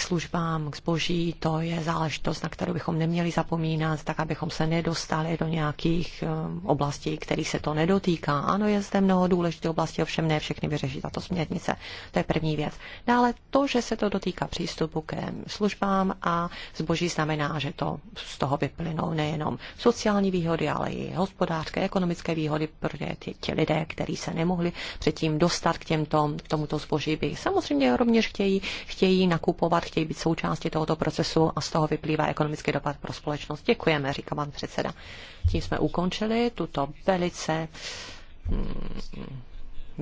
službám, k zboží, to je záležitost, na kterou bychom neměli zapomínat, tak abychom se nedostali do nějakých eh, oblastí, kterých se to nedotýká. Ano, je zde mnoho důležitých oblastí, ovšem ne všechny vyřeší tato směrnice. To je první věc. Dále to, že se to dotýká přístupu ke službám a zboží znamená, že to z toho vyplynou nejenom sociální výhody, ale i hospodářské, ekonomické výhody, protože ti, ti lidé, kteří se nemohli předtím dostat k, těmto, k tomuto zboží, by samozřejmě rovněž chtějí, chtějí nakupovat, chtějí být součástí tohoto procesu a z toho vyplývá ekonomický dopad pro společnost. Děkujeme, říká pan předseda. Tím jsme ukončili tuto velice mm,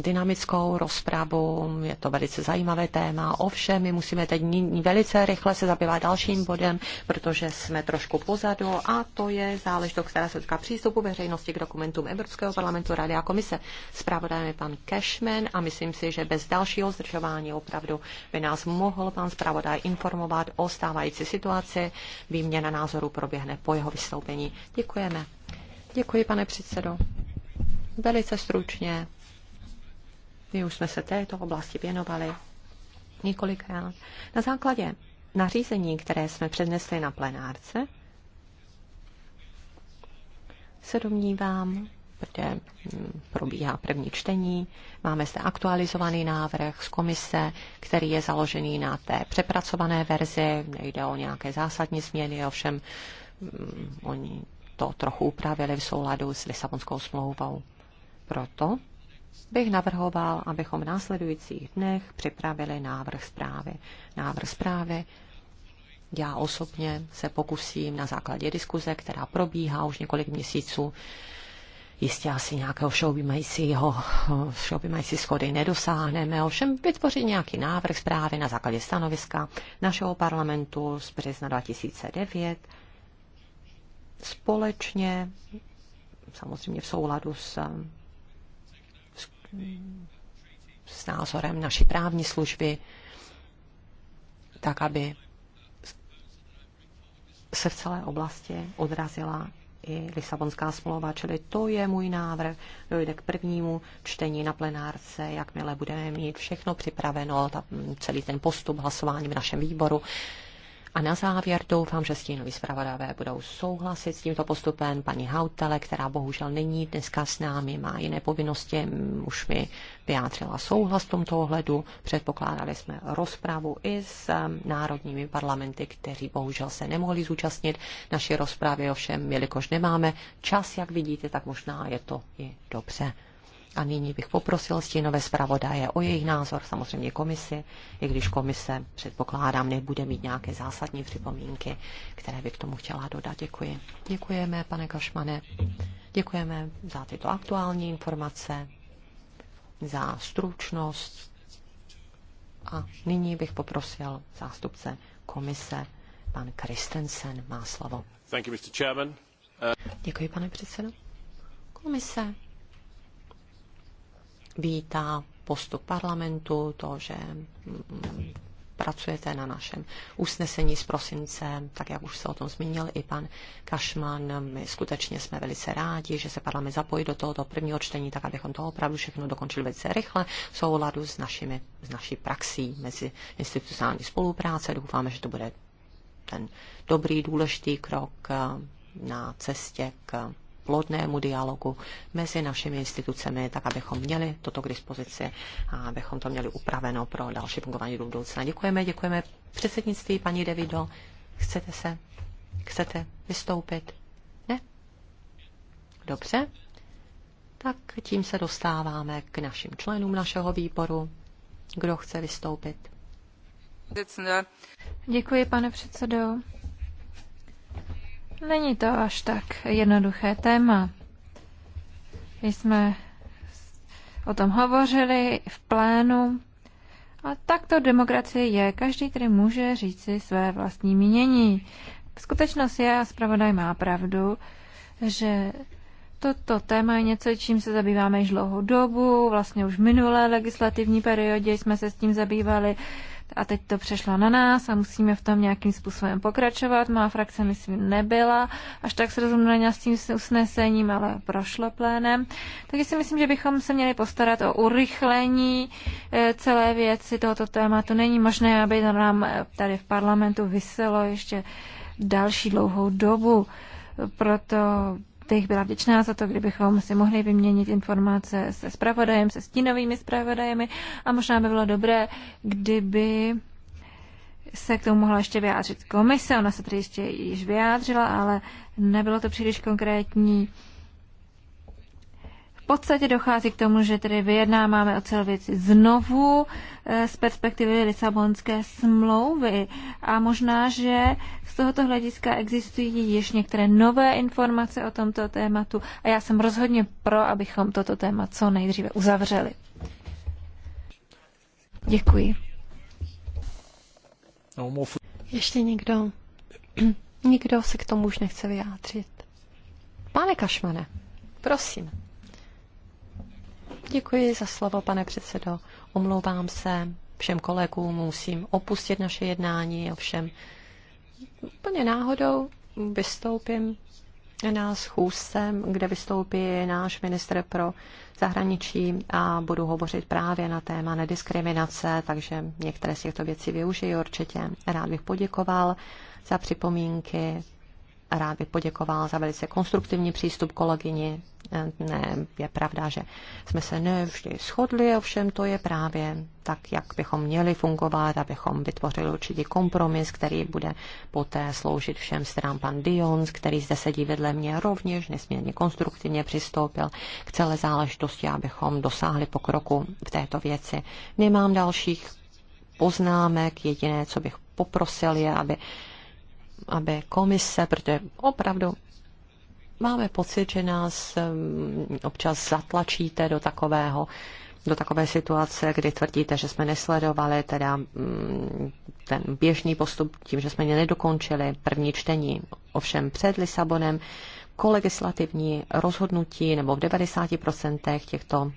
dynamickou rozpravu, je to velice zajímavé téma. Ovšem, my musíme teď velice rychle se zabývat dalším bodem, protože jsme trošku pozadu a to je záležitost, která se týká přístupu veřejnosti k dokumentům Evropského parlamentu, Rady a komise. Zpravodajem je pan Cashman a myslím si, že bez dalšího zdržování opravdu by nás mohl pan zpravodaj informovat o stávající situaci. Výměna názoru proběhne po jeho vystoupení. Děkujeme. Děkuji, pane předsedo. Velice stručně my už jsme se této oblasti věnovali několikrát. Na základě nařízení, které jsme přednesli na plenárce, se domnívám, protože mm, probíhá první čtení. Máme zde aktualizovaný návrh z komise, který je založený na té přepracované verzi. Nejde o nějaké zásadní změny, ovšem mm, oni to trochu upravili v souladu s Lisabonskou smlouvou. Proto bych navrhoval, abychom v následujících dnech připravili návrh zprávy. Návrh zprávy já osobně se pokusím na základě diskuze, která probíhá už několik měsíců, jistě asi nějakého všeobjímajícího, všeobjímající schody nedosáhneme, ovšem vytvořit nějaký návrh zprávy na základě stanoviska našeho parlamentu z března 2009 společně, samozřejmě v souladu s s názorem naší právní služby, tak aby se v celé oblasti odrazila i Lisabonská smlouva, čili to je můj návrh. Dojde k prvnímu čtení na plenárce, jakmile budeme mít všechno připraveno, ta, celý ten postup hlasování v našem výboru. A na závěr doufám, že stínoví zpravodavé budou souhlasit s tímto postupem. Paní Hautele, která bohužel není dneska s námi, má jiné povinnosti, už mi vyjádřila souhlas v tomto ohledu. Předpokládali jsme rozpravu i s národními parlamenty, kteří bohužel se nemohli zúčastnit naší rozpravy, ovšem, jelikož nemáme čas, jak vidíte, tak možná je to i dobře. A nyní bych poprosil stínové zpravodaje o jejich názor, samozřejmě komisi, i když komise, předpokládám, nebude mít nějaké zásadní připomínky, které by k tomu chtěla dodat. Děkuji. Děkujeme, pane Kašmane. Děkujeme za tyto aktuální informace, za stručnost. A nyní bych poprosil zástupce komise, pan Kristensen má slovo. Děkuji, pane předsedo. Komise vítá postup parlamentu, to, že mm, pracujete na našem usnesení z prosince, tak jak už se o tom zmínil i pan Kašman. My skutečně jsme velice rádi, že se parlament zapojí do tohoto prvního čtení, tak abychom to opravdu všechno dokončili velice rychle v souladu s, našimi, s naší praxí mezi institucionální spolupráce. Doufáme, že to bude ten dobrý, důležitý krok eh, na cestě k plodnému dialogu mezi našimi institucemi, tak abychom měli toto k dispozici a abychom to měli upraveno pro další fungování do budoucna. Děkujeme, děkujeme předsednictví, paní Davido. Chcete se? Chcete vystoupit? Ne? Dobře. Tak tím se dostáváme k našim členům našeho výboru. Kdo chce vystoupit? Děkuji, pane předsedo. Není to až tak jednoduché téma. My jsme o tom hovořili v plénu. A takto demokracie je. Každý tedy může říci své vlastní mínění. Skutečnost je, a zpravodaj má pravdu, že toto téma je něco, čím se zabýváme již dlouhou dobu. Vlastně už v minulé legislativní periodě jsme se s tím zabývali a teď to přešlo na nás a musíme v tom nějakým způsobem pokračovat. Má frakce, myslím, nebyla až tak srozuměna s tím usnesením, ale prošlo plénem. Takže si myslím, že bychom se měli postarat o urychlení eh, celé věci tohoto tématu. Není možné, aby nám eh, tady v parlamentu vyselo ještě další dlouhou dobu. Proto bych byla vděčná za to, kdybychom si mohli vyměnit informace se zpravodajem, se stínovými zpravodajemi a možná by bylo dobré, kdyby se k tomu mohla ještě vyjádřit komise, ona se tedy ještě již vyjádřila, ale nebylo to příliš konkrétní podstatě dochází k tomu, že tedy vyjednáváme o celé věci znovu eh, z perspektivy Lisabonské smlouvy a možná, že z tohoto hlediska existují již některé nové informace o tomto tématu a já jsem rozhodně pro, abychom toto téma co nejdříve uzavřeli. Děkuji. No, Ještě někdo? [clears throat] Nikdo se k tomu už nechce vyjádřit. Pane Kašmane, prosím. Děkuji za slovo, pane předsedo. Omlouvám se všem kolegům, musím opustit naše jednání, ovšem úplně náhodou vystoupím na schůzce, kde vystoupí náš ministr pro zahraničí a budu hovořit právě na téma nediskriminace, takže některé z těchto věcí využiju určitě. Rád bych poděkoval za připomínky, Rád bych poděkoval za velice konstruktivní přístup kolegyni. Ne, je pravda, že jsme se nevždy shodli, ovšem to je právě tak, jak bychom měli fungovat, abychom vytvořili určitý kompromis, který bude poté sloužit všem stran Pan Dions, který zde sedí vedle mě, rovněž nesmírně konstruktivně přistoupil k celé záležitosti, abychom dosáhli pokroku v této věci. Nemám dalších poznámek, jediné, co bych poprosil je, aby aby komise, protože opravdu máme pocit, že nás občas zatlačíte do takového do takové situace, kdy tvrdíte, že jsme nesledovali teda mm, ten běžný postup tím, že jsme ně nedokončili první čtení. Ovšem před Lisabonem kolegislativní rozhodnutí nebo v 90% těchto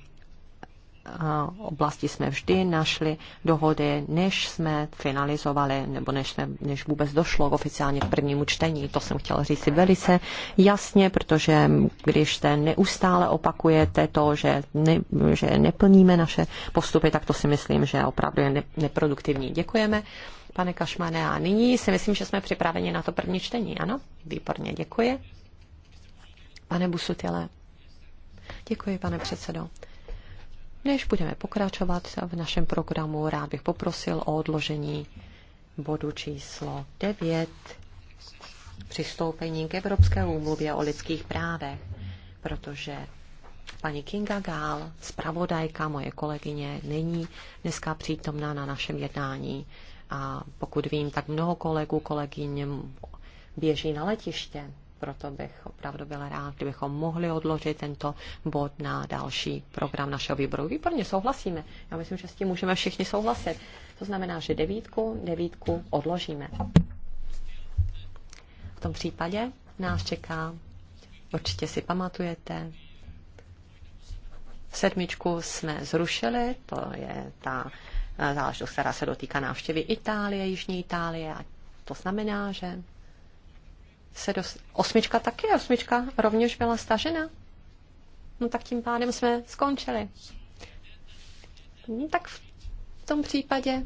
Eh, oblasti jsme vždy našli dohody, než jsme finalizovali, nebo než, jsme, než vůbec došlo k oficiálně k prvnímu čtení. To jsem chtěla říct si velice jasně, protože když se neustále opakujete to, že, ne, že neplníme naše postupy, tak to si myslím, že opravdu je ne, neproduktivní. Děkujeme, pane Kašmane. A nyní si myslím, že jsme připraveni na to první čtení. Ano? Výborně, děkuji. Pane Busutile. Děkuji, pane předsedo. Než budeme pokračovat v našem programu, rád bych poprosil o odložení bodu číslo 9 přistoupení k Evropské úmluvě o lidských právech, protože paní Kinga Gál, zpravodajka, moje kolegyně, není dneska přítomná na našem jednání. A pokud vím, tak mnoho kolegů, kolegyně běží na letiště proto bych opravdu byla rád, kdybychom mohli odložit tento bod na další program našeho výboru. Výborně, souhlasíme. Já myslím, že s tím můžeme všichni souhlasit. To znamená, že devítku, devítku odložíme. V tom případě nás čeká, určitě si pamatujete, sedmičku jsme zrušili, to je ta eh, záležitost, která se dotýká návštěvy Itálie, Jižní Itálie a to znamená, že se dost... Osmička taky, osmička rovněž byla stažena. No tak tím pádem jsme skončili. No, tak v tom případě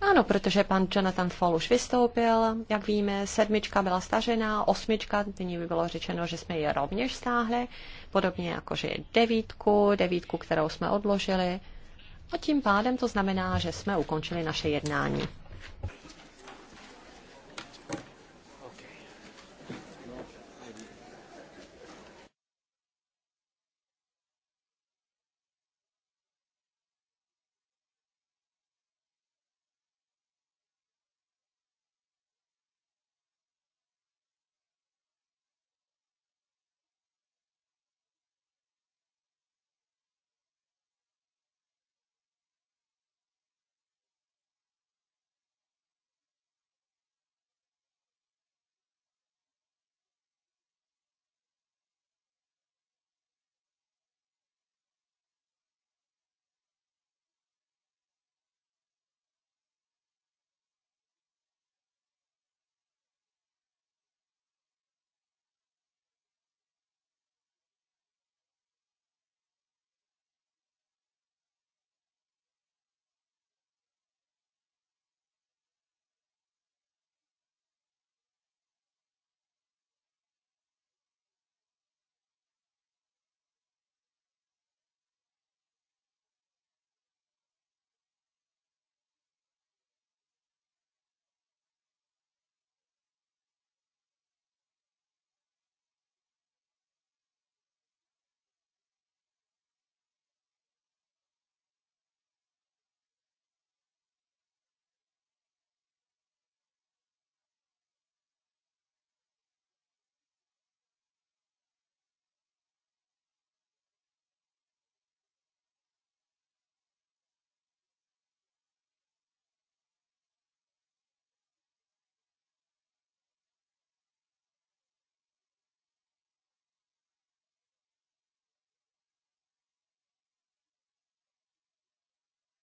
ano, protože pan Jonathan Fall už vystoupil, jak víme, sedmička byla stažená, osmička, nyní by bylo řečeno, že jsme ji rovněž stáhli, podobně jako že devítku, devítku, kterou jsme odložili. A tím pádem to znamená, že jsme ukončili naše jednání.